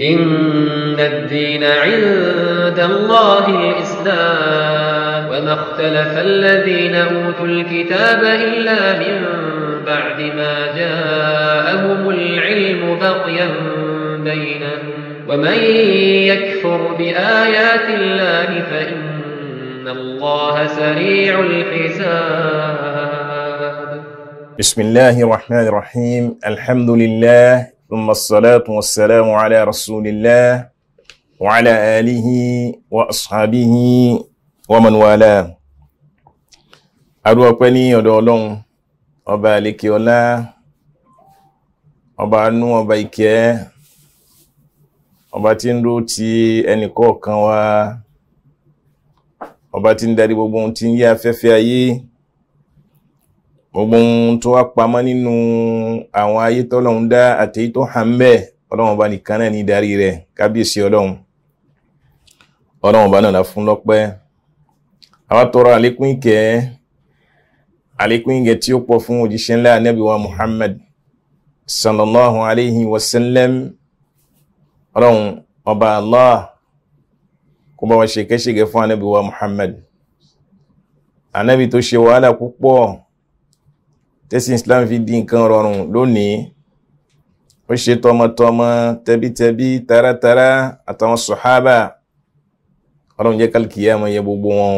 إن الدين عند الله الإسلام وما اختلف الذين أوتوا الكتاب إلا من بعد ما جاءهم العلم بغيا بينهم ومن يكفر بآيات الله فإن الله سريع الحساب بسم الله الرحمن الرحيم الحمد لله ثم الصلاة والسلام على رسول الله وعلى آله وأصحابه ومن والاه adúpẹ́ ní ọ̀dọ̀ Ọlọ́run ọba àlekè ọlá ọba anú ọba ìkẹ́ ọba tí ń dó ti ẹnìkọ̀ọ̀kan wa ọba tí ń darí gbogbo ohun tí ń yí afẹ́fẹ́ ayé gbogbo ohun tó wá pamọ́ nínú àwọn ayé tọ́lọ́hún dá àtẹ̀yí tó hàn bẹ́ẹ̀ ọlọ́run ọba nìkan náà ní darí rẹ̀ kábíyèsí ọlọ́run ọlọ́run ọba náà la fún lọ́pẹ́ àwa tọrọ àlékún ìkẹ́ àlékún ìkẹ́ tí ó pọ̀ fún òjíṣẹ́ ńlá anábì wa Muhammad sallallahu alayhi wa sallam ọlọ́run ọba Allah kó bá wa ṣe kẹ́ṣẹ́gẹ́ fún anábì wa Muhammad anábì tó ṣe wàhálà púpọ̀ tẹ́sí islam fi di nǹkan rọrùn lónìí ó ṣe tọmọtọmọ tẹbítẹbí taratara àtàwọn sọ̀hábà ọlọ́run jẹ́ kálkìyàmọ̀ yẹ gbogbo wọn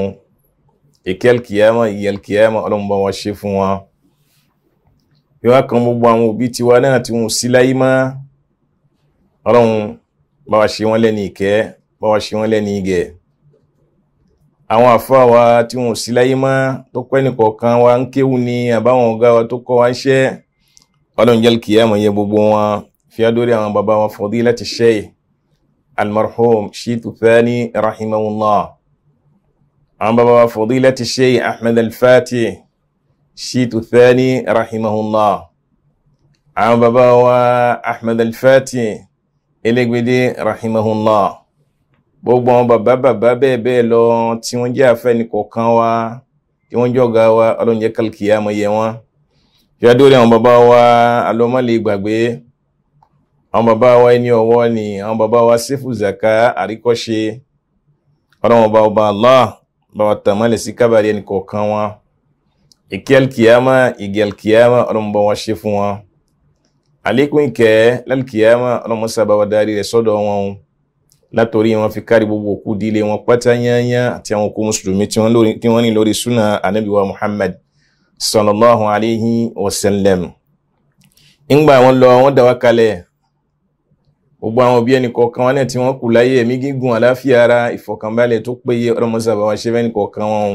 ìkẹ́lkìyàmọ̀ ìyẹlkìyàmọ̀ ọlọ́run bá wọn ṣe fún wọn yíwá kan gbogbo àwọn òbí tiwa náà tí wọn sí láyé mọ́ ọlọ́run bá wa ṣe wọn lẹ́ni ìkẹ́ bá wa ṣe wọn lẹ́ni ìgẹ̀ẹ́ àwọn àfáà wa tí wọn ò sí láyé mọ́ tó kọ́ ẹnìkọ̀ọ̀kan wa ń kéwù ní àbáwọn ọ̀gá wa tó kọ́ wa ń ṣẹ́ ọlọ́run jẹ́ kìí àmọ́ yẹ gbogbo wọn fi adórí àwọn bàbá wọn fadilati shaykh almarhum Shitu Thani rahimahullah àwọn bàbá wa fadilati shaykh Ahmad al-Fati Shitu Thani rahimahullah àwọn bàbá wa Ahmad al-Fati rahimahullah gbogbo àwọn bàbá bàbá bẹ́ẹ̀ bẹ́ẹ̀ lọ tí wọ́n jẹ́ afẹ́nìkọ̀ọ̀kan wa tí wọ́n jọ̀gá wa ọlọ́run jẹ́ kálkìyà mọ̀ yẹ wọn. ìyáàdó rẹ̀ àwọn bàbá wa alọ́mọ́lẹ̀ gbàgbé àwọn bàbá wa ẹni ọ̀wọ́ ni àwọn bàbá wa sífù zaka àríkọ́ṣe ọlọ́run ọba ọba Allah bàbá tàmálẹ̀ sí kábàárì ẹnì kọ̀ọ̀kan wa ìkẹ́lkìyàmá ìgẹ̀lkìyàmá ọlọ́run bá wọn ṣe fún wọn àlékún ìkẹ́ lálkìyàmá ọlọ́run sábà wa darí rẹ̀ sọ́dọ̀ wọn látòrí wọn fi kárí gbogbo òkú dílé wọn pátá yányá àti àwọn òkú mùsùlùmí tí wọ́n ní lórí súnà anábìwá muhammad sallallahu alayhi wa sallam ńgbà wọn lọ wọn dá wa kalẹ̀ gbogbo àwọn òbí ẹnì kọ̀ọ̀kan wọn náà tí wọ́n kù láyé ẹ̀mí gígùn àláfíà ara ìfọ̀kànbalẹ̀ tó péye ọlọ́mọsá bá wọn ṣe fẹ́ nìkọ̀ọ̀kan wọn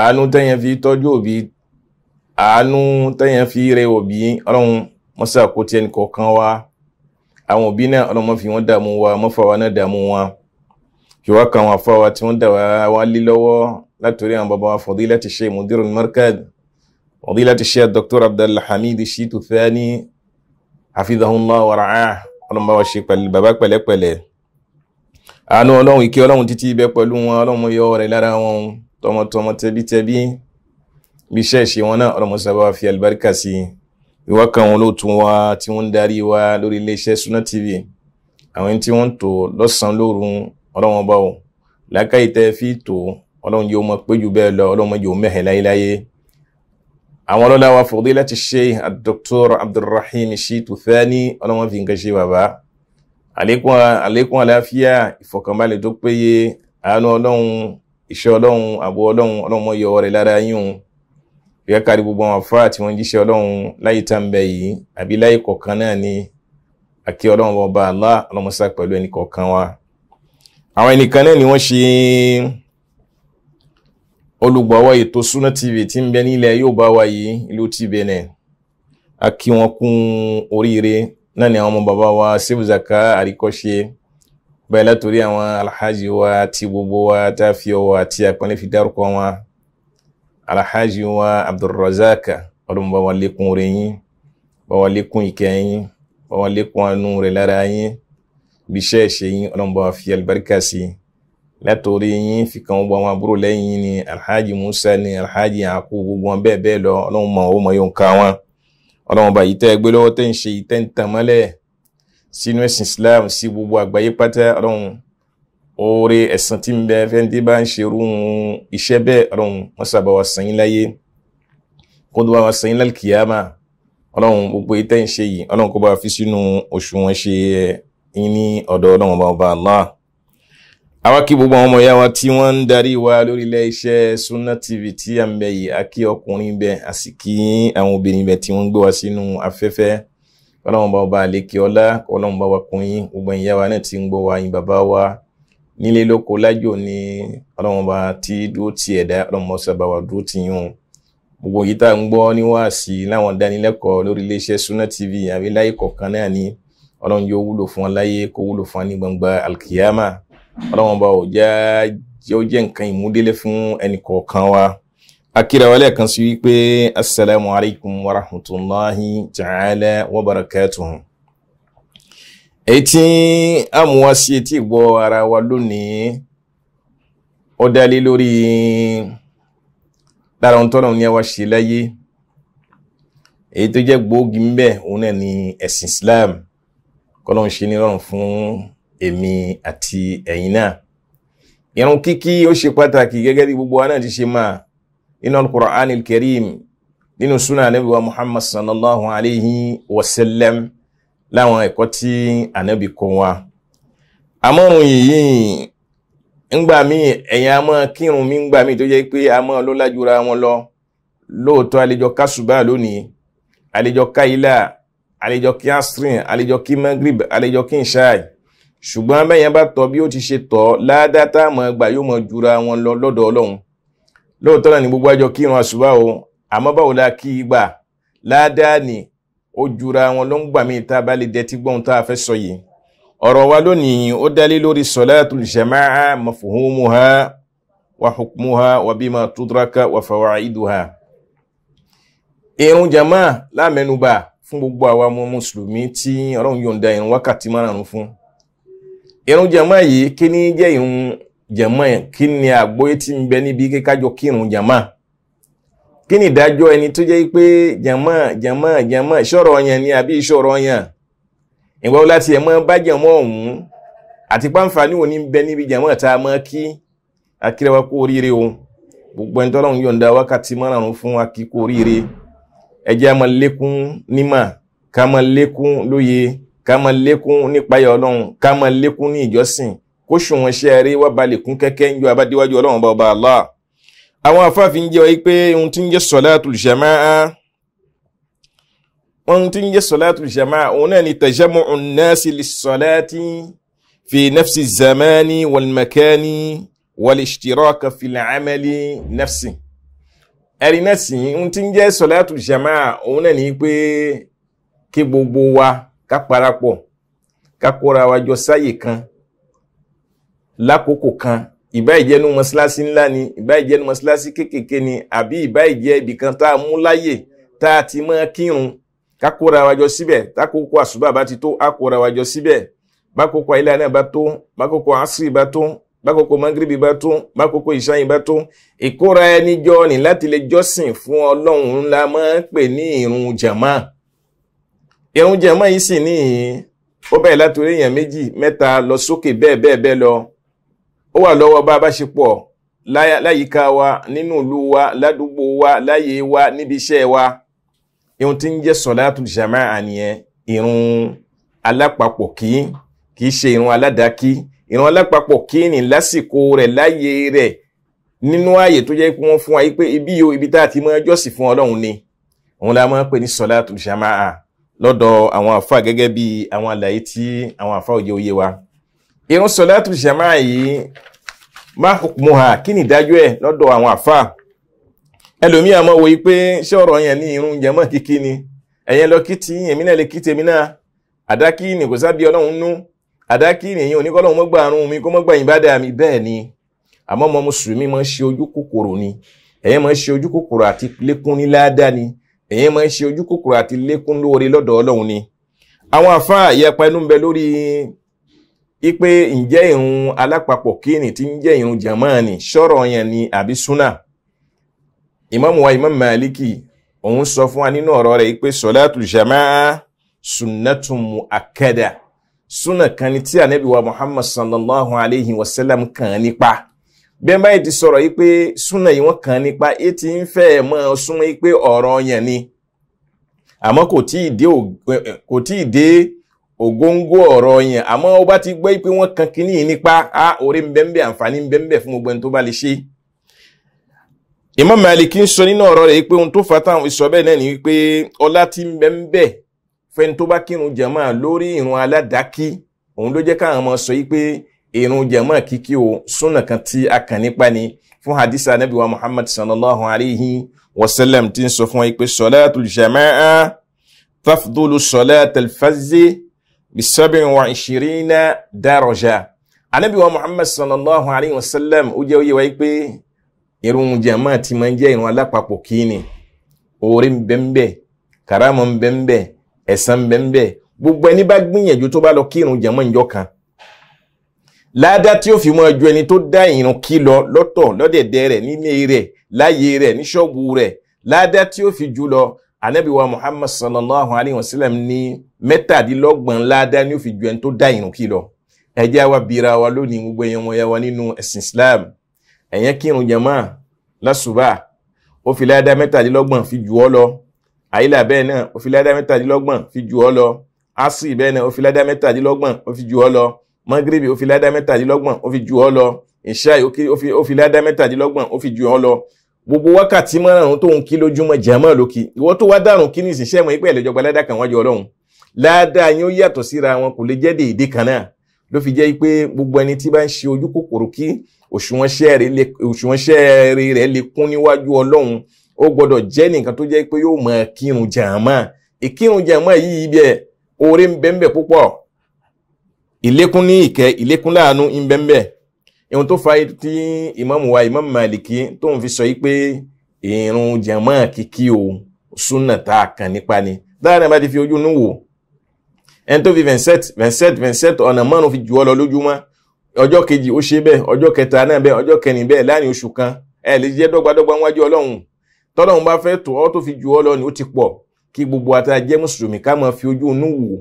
àánú tẹ́yẹn fi tọ́jú òbí àánú tẹ́yẹn fi rẹ òbí ọlọ́run mọ́sá kó tiẹ̀ nìkọ̀ọ̀kan wa àwọn òbí náà ọlọ́mọ fi wọ́n dààmú wa mọ́fà wa náà dààmú wa yòówá kan àwọn afá wa tí wọ́n dà wá lé lọ́wọ́ látòrí àwọn bàbá wa fadilati Sheikh Mudirul Markaz fadilati Sheikh Dr. Abdul Hamid Shitu Thani hafidhahullah wa ra'ah ọlọ́mọ wa ṣe pẹ̀lú bàbá pẹ̀lẹ́pẹ̀lẹ́ àánú ọlọ́run ìkẹ́ ọlọ́run títí ibẹ̀ pẹ̀lú wọn ọlọ́run yọ ọ̀rẹ́ lára wọn tọmọtọmọ tẹbítẹbí bí iṣẹ́ ìṣe wọn náà ọlọ́mọ sábà fi àlùbáríkà sí i ìwà kan wọn ló tún wá tí wọ́n ń darí wa lórí iléeṣẹ́ Sunna TV àwọn tí wọ́n ń tò lọ́sàn-án lóru ọlọ́wọ́n bá wò lákàyè tẹ́ fi tò ọlọ́run yóò mọ pé bẹ́ẹ̀ lọ ọlọ́run yóò mẹ́hẹ̀ láyéláyé àwọn ọlọ́lá wa fadilati Sheikh Dr. Abdulrahim Shitu Thani ọlọ́run fi nǹkan ṣe bàbá àlékún àlàáfíà ìfọ̀kànbalẹ̀ tó péye àánú ọlọ́run ìṣẹ́ ọlọ́run àbọ̀ ọlọ́run ọlọ́run yọ ọrẹ ìyá kárí gbogbo àwọn afárá tí wọ́n jíṣẹ́ ọlọ́run láyé tá ń bẹ yìí àbí láyé kọ̀ọ̀kan náà ni àkí ọlọ́run ọba àlá ọlọ́mọsá pẹ̀lú ẹnì kọ̀ọ̀kan wa. àwọn ẹnìkan náà ni wọ́n ṣe olùgbọ̀wọ́ ètò Sunna TV tí ń bẹ nílẹ̀ yóò bá wa yìí ìlú ti bẹ̀nẹ̀ àkí wọn kún oríire náà ni àwọn ọmọ bàbá wa Sefu Zaka àríkọ́ṣe bẹ́ẹ̀ látòrí àwọn alhaji wa ti gbogbo wa tá a fi ọwọ́ àti àpọ́nlé fi dárúkọ wọn alhaji wa abdulrazak ọlọ́run bá wa lékún rẹ̀ yín bá wa lékún ìkẹ́ yín bá wa lékún àánú rẹ̀ lára yín bí iṣẹ́ ìṣe yín ọlọ́run bá wa fi àlùbáríkà sí i látòrí yín fi kàn gbogbo àwọn àbúrò lẹ́yìn ni alhaji musa ni alhaji àkó gbogbo wọn bẹ́ẹ̀ bẹ́ẹ̀ lọ ọlọ́run mọ̀ ó mọ̀ yóò ká wọn ọlọ́run bá yìí tẹ́ gbé lọ́wọ́ tẹ́ ń ṣe yìí tẹ́ ń tàn mọ́lẹ̀ sínú ẹ̀sìn islam sí gbogbo àgbáyé pátá ọlọ́run oore ẹ̀san tí ń bẹ fẹ́ntì bá ń ṣerú iṣẹ́ bẹ́ẹ̀ ọlọ́run wọ́n sábà wá sàn yín láyé kó tó bá wá sàn yín lálkìyàmà ọlọ́run gbogbo ìtẹ́ ń ṣe yìí ọlọ́run kó bá fi sínú òṣùwọ̀n ṣe yín ní ọ̀dọ̀ ọlọ́run bá ọba Allah. àwa kí gbogbo àwọn ọmọ ìyá wa tí wọ́n ń darí wa lórí ilé iṣẹ́ Sunna TV tí à ń bẹ yìí a kí ọkùnrin bẹ a sì kí àwọn obìnrin bẹ tí wọ́n ń gbé wa sínú afẹ́fẹ́ ọlọ́run bá ọba àlékè ọlá ọlọ́run bá wa kún nílé lóko lájò ní ọlọ́run bá tí dúró ti ẹ̀dá ọlọ́run mọ́sá bá wà dúró ti yún gbogbo yìí tá à ń gbọ́ níwáàsí láwọn dánilẹ́kọ̀ọ́ lórí iléeṣẹ́ Sunna TV àbí láyé kọ̀ọ̀kan náà ni ọlọ́run yóò wúlò fún wa láyé kó wúlò fún wa ní gbangba alkiyama ọlọ́run bá ò já jẹ́ ó jẹ́ nǹkan ìmúdélé fún ẹnì kọ̀ọ̀kan wa akira wa lẹ́ẹ̀kan sí wípé assalamu alaikum wa rahmatullahi ta'ala wa barakatuhu etí àmúwá sí etí ìgbọ́ ara wa lónìí ó dálé lórí lára ohun tọ́nà ní àwa ṣe láyé èyí tó jẹ́ gbòógì ń bẹ òun náà ni ẹ̀sìn Islam kọ́lọ́n ṣe nírọ̀rùn fún èmi àti ẹ̀yin náà ìrun kíkí ó ṣe pàtàkì gẹ́gẹ́ bí gbogbo wa náà ti ṣe máa nínú al-Qur'an al-Karim nínú sunnah Ànábì wa Muhammad sallallahu alayhi wa sallam láwọn ẹ̀kọ́ tí ànábì kọ́ wa àmọ́rùn yìí ńgbà míì ẹ̀yin a máa kírun mi ńgbà míì tó jẹ́ pé a máa ló lájúra wọn lọ lóòótọ́ àlejò kásùbà lónìí àlejò káìlà àlejò kí asrin àlejò kí magrib àlejò kí nṣáì ṣùgbọ́n bẹ́yẹn bá tọ́ bí ó ti ṣe tọ́ ládátà mọ̀ ẹgbà yóò mọ̀ jura wọn lọ lọ́dọ̀ ọlọ́run lóòótọ́ náà ni gbogbo àjọ kírun àṣùbà o àmọ́ báwo la kí i gbà ládàá ni ó jura wọn ló ń gbà mí tá a bá lè dẹ́tí gbọ́n tá a fẹ́ sọ yìí ọ̀rọ̀ wa lónìí ó dálé lórí solatul jamaa mafhumuha wa hukmuha wa bima tudraka wa fawaiduha irun jamaa lámẹnubà fún gbogbo àwa ọmọ mùsùlùmí tí ọlọ́run yọ̀ǹda irun wákàtí márùn-ún fún irun jamaa yìí kí ni jẹ́ irun jamaa kí ni àgbóyé tí ń bẹ níbi kíkájọ kírun jamaa kí ni ìdájọ́ ẹni tó jẹ́ pé jẹ̀mọ́ jẹ̀mọ́ jẹ̀mọ́ ìṣòro yẹn ni àbí ìṣòro yẹn ìwọ láti ẹ̀mọ́ bá jẹ̀mọ́ ọ̀hún àti pàǹfààní òní bẹ níbi jẹ̀mọ́ tá a mọ́ kí akírẹ́wá kú oríire o gbogbo ẹni tọ́lọ́run yọ̀ǹda wákàtí márùn-ún fún akíkú oríire ẹ jẹ́ a máa lékún nímà ká máa lékún lóye ká máa lékún nípayà ọlọ́run ká máa lékún ní ìjọsìn kó ṣùwọ̀n ṣe wá balẹ̀ kún kẹ́kẹ́ ń yọ abádéwájú ọlọ́run bá ọba Allah àwọn afáàfin jẹ́ wáyé pé ohun tí ń jẹ́ solatul jamaa ohun tí ń jẹ́ solatul jamaa òun náà ni tajamu'un nasi lissolati fi nafsi zamani walmakani walishtiraka fil amali nafsi ẹ̀rí náà sì ohun tí ń jẹ́ solatul jamaa òun náà ni pé kí gbogbo wa ká parapọ̀ ká kóra wa sáyè kan lákòókò kan ìbá ìjẹ́ nu mọ́ṣáláṣí ńlá ni ìbá ìjẹ́ nu mọ́ṣáláṣí kéékèèké ni àbí ìbá ìjẹ́ ibìkan tá a mú láyè tá a ti máa kírun kákóra wa jọ síbẹ̀ tákòókò àṣùbà bá ti tó àkóra wa jọ síbẹ̀ bákòókò àyílá náà bá tó bákòókò àṣírí bá tó bákòókò mangiribi bá tó bákòókò ìṣáyìn bá tó ìkóra ẹni jọ ní láti lè jọ́sìn fún ọlọ́run ńlá máa ń pè ní ìrun jàmá ìrun jàmá yìí sì níhìn ó bẹ̀rẹ̀ láti èèyàn méjì mẹ́ta lọ sókè bẹ́ẹ̀ bẹ́ẹ̀ bẹ́ẹ̀ lọ ó wà lọ́wọ́ bá a bá ṣe pọ̀ láyìíká wa nínú ìlú wa ládùúgbò wa láyé wa níbi iṣẹ́ wa ihun tí ń jẹ́ sọ̀látù jàmáà nìyẹn irun alápapọ̀ kí kì í ṣe irun aládàákí irun alápapọ̀ kí ni lásìkò rẹ̀ láyé rẹ̀ nínú ààyè tó jẹ́ pé wọ́n fún wa yí pé ibi yóò ibi tá a ti máa jọ́sìn fún ọlọ́run ni òun la máa ń pè ní sọ̀látù jàmáà lọ́dọ̀ àwọn àfa gẹ́gẹ́ bí àwọn àlàyé tí àwọn àfa òye òye wa irun sọlátù jàmáà yìí má hùkùmù hà kí ni ìdájọ́ ẹ̀ lọ́dọ̀ àwọn àfà ẹlòmíì àmọ́ wo yìí pé ṣé ọ̀rọ̀ yẹn ní irun jàmáà kíkí ni ẹ̀yẹn lọ kí ti èmi náà lè kí tèmi náà àdákì ni kò sábì ọlọ́run nú àdákì ni èyàn oníkọ́lọ́run mọ́gbà àrùn mi kó mọ́gbà ìbádà mi bẹ́ẹ̀ ni àmọ́ ọmọ mùsùlùmí máa ń ṣe ojú kòkòrò ni ẹ̀yẹn máa ń ṣe ojú kòkòrò àti lékún ní ládàá ni ẹ̀yẹn máa ń ṣe ojú kòkòrò àti lékún lóore lọ́dọ̀ ọlọ́run ni àwọn àfáà yẹpẹnu ń lórí ipe ǹjẹ́ ìrun alápapọ̀ kíni tí ń jẹ́ ìrun jamani sọ̀rọ̀ yẹn ni àbí súnà ìmáàmù wa ìmáàmù Màálíkì òun sọ fún wa nínú ọ̀rọ̀ rẹ̀ pé sọ̀látù jamaa sunnatun muakkada súnà kan ni tí ànábì Muhammad sallallahu alayhi wa sallam kàn nípa bẹ́ẹ̀ báyìí ti sọ̀rọ̀ yìí pé súnà yìí wọ́n kàn nípa é ti ń fẹ́ mọ́ ọ súnmọ́ yìí ọ̀rọ̀ yẹn ni àmọ́ kò tí dé ògóńgó ọ̀rọ̀ yẹn àmọ́ ó bá ti gbọ́ pé wọ́n kan kínní yìí nípa a orí ń bẹ́ẹ̀ àǹfààní ń bẹ́ẹ̀ fún gbogbo ẹni tó bá lè ṣe. Imam Maliki ń sọ nínú ọ̀rọ̀ rẹ̀ pé ohun tó fa táwọn ìsọ náà ni wípé ọlá ti ń bẹ́ẹ̀ fẹ́ni tó bá kírun jàmá lórí ìrun aládàákí òun ló jẹ́ káwọn ọmọ sọ yìí pé ìrun jàmá kíkí o súnà kan tí a kàn nípa ni fún hadith anabi wa Muhammad sallallahu alayhi wa sallam ti ń sọ fún wa yìí pé salatul jama'a tafdulu salatul fazzi bisabi wa ishirina daraja anabi wa muhammad sallallahu alayhi wa sallam ó jẹ́ ó yé wa pé irun jama ti máa ń jẹ́ irun alápapọ̀ kíni oore ń bẹ ń bẹ karama ń bẹ ń bẹ ẹ̀san ń bẹ ń bẹ gbogbo ẹni bá gbìyànjú tó bá lọ kí irun jama ìjọ kan láàdá tí ó fi mọ ju ẹni tó dá irun kí lọ lọ́tọ̀ lọ́dẹ̀dẹ̀ rẹ̀ nílé rẹ̀ láyé rẹ̀ ní ṣọ́ọ̀bù rẹ̀ láàdá tí ó fi jù anabi wa muhammad sallallahu alayhi wa sallam mẹ́tàdínlọ́gbọ̀n ládá ni ó fi ju ẹni tó dá ìrun kí lọ ẹ jẹ́ wa bira wa lónìí gbogbo ẹ̀yàn wọn wa nínú ẹ̀sìn Islam ẹ̀yẹn kírun jama lásùbà ó fi ládá mẹ́tàdínlọ́gbọ̀n fi ju ọ lọ àyílà bẹ́ẹ̀ náà ó fi ládá mẹ́tàdínlọ́gbọ̀n fi ju ọ lọ asì bẹ́ẹ̀ náà ó fi ládá mẹ́tàdínlọ́gbọ̀n ó fi ju ọ lọ mọ́gírìbì ó fi ládá mẹ́tàdínlọ́gbọ̀n ó fi ju ọ lọ ìṣáì ó fi ládá mẹ́tàdínlọ́gbọ̀n ó fi ju ọ lọ gbogbo wákàtí márùn-ún tóun kí lójúmọ́ jẹ́mọ́ lókì ìwọ tó wá dàrún kí ní mọ́ ipẹ́ ìlẹ́jọba wájú ọlọ́run ládàá yín ó yàtọ̀ síra wọn kò lè jẹ́ dèédé kan náà ló fi jẹ́ pé gbogbo ẹni tí bá ń ṣe ojú kòkòrò kí òṣùwọ̀n ṣẹ́ẹ̀rì rẹ̀ lè kún níwájú ọlọ́run ó gbọ́dọ̀ jẹ́ nìkan tó jẹ́ pé yóò máa kírun jàmá ìkírun jàmá yìí ibi oore ń bẹ púpọ̀ ìlékún ní ìkẹ́ ìlékún láàánú ń bẹ ń tó fa tí ìmáàmù wa ìmáàmù Màlìkí tóun fi sọ yìí pé ìrun jàmá kíkí o súnà tá a kàn nípa ni dáadáa bá ti fi ojú nú wò ẹni tó fi vincent vincent vincent ọ̀nà márùn fi jù ọ lọ lójúmọ́ ọjọ́ kejì ó ṣe bẹ́ẹ̀ ọjọ́ kẹta náà bẹ́ẹ̀ ọjọ́ kẹrin bẹ́ẹ̀ láàrin oṣù kan ẹ lè jẹ́ dọ́gbadọ́gba wájú ọlọ́run tọ́lọ́run bá fẹ́ tó ọ tó fi jù ọ lọ ni ó ti pọ̀ kí gbogbo ata jẹ́ mùsùlùmí ká máa fi ojú inú wò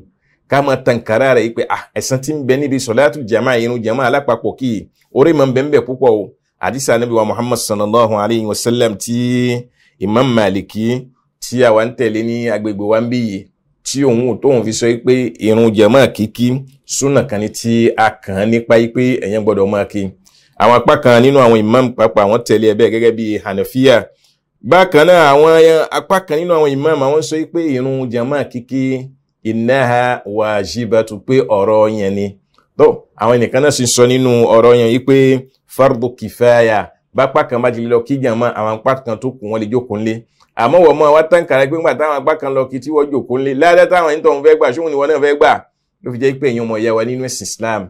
ká máa tànkárá rẹ̀ pé à ah, ẹ̀san tí ń bẹ níbi sọ̀láàtù jàmá irun jàmá alápapọ̀ kì í orí máa ń bẹ ń bẹ púpọ̀ o àdìsá níbi wa muhammad sallallahu alayhi wa sallam ti imam maliki tí àwa ń tẹ̀lé ní agbègbè wa ń bí yìí tí òun tóun fi sọ pé irun jẹmọ́ kíkí súnà kan ní tí a kàn án nípa pé ẹ̀yẹn gbọ́dọ̀ máa kí àwọn apá kan nínú àwọn imam pàápàá àwọn tẹ̀lé ẹ̀bẹ̀ gẹ́gẹ́ bí hanafiya bákan náà àwọn apá kan nínú àwọn imam àwọn sọ pé irun jẹmọ́ kíkí innaha wajibatu pé ọ̀rọ̀ yẹn ni tó àwọn ẹnìkan náà sì sọ nínú ọ̀rọ̀ yẹn yìí pé fardu kifaya bápá kan bá ti lọ kí jẹmọ́ àwọn apá kan tó kù wọn lè jókòó àmọ́ wọ́n mọ́ wa tán kàrẹ́ pé ńgbà táwọn apá kan lọ kí tí wọ́n jòkó lé ládàá táwọn ẹni tóun fẹ́ gbà ṣóun ni wọ́n náà fẹ́ gbà ló fi jẹ́ pé èèyàn ọmọ ìyá nínú ẹ̀sìn Islam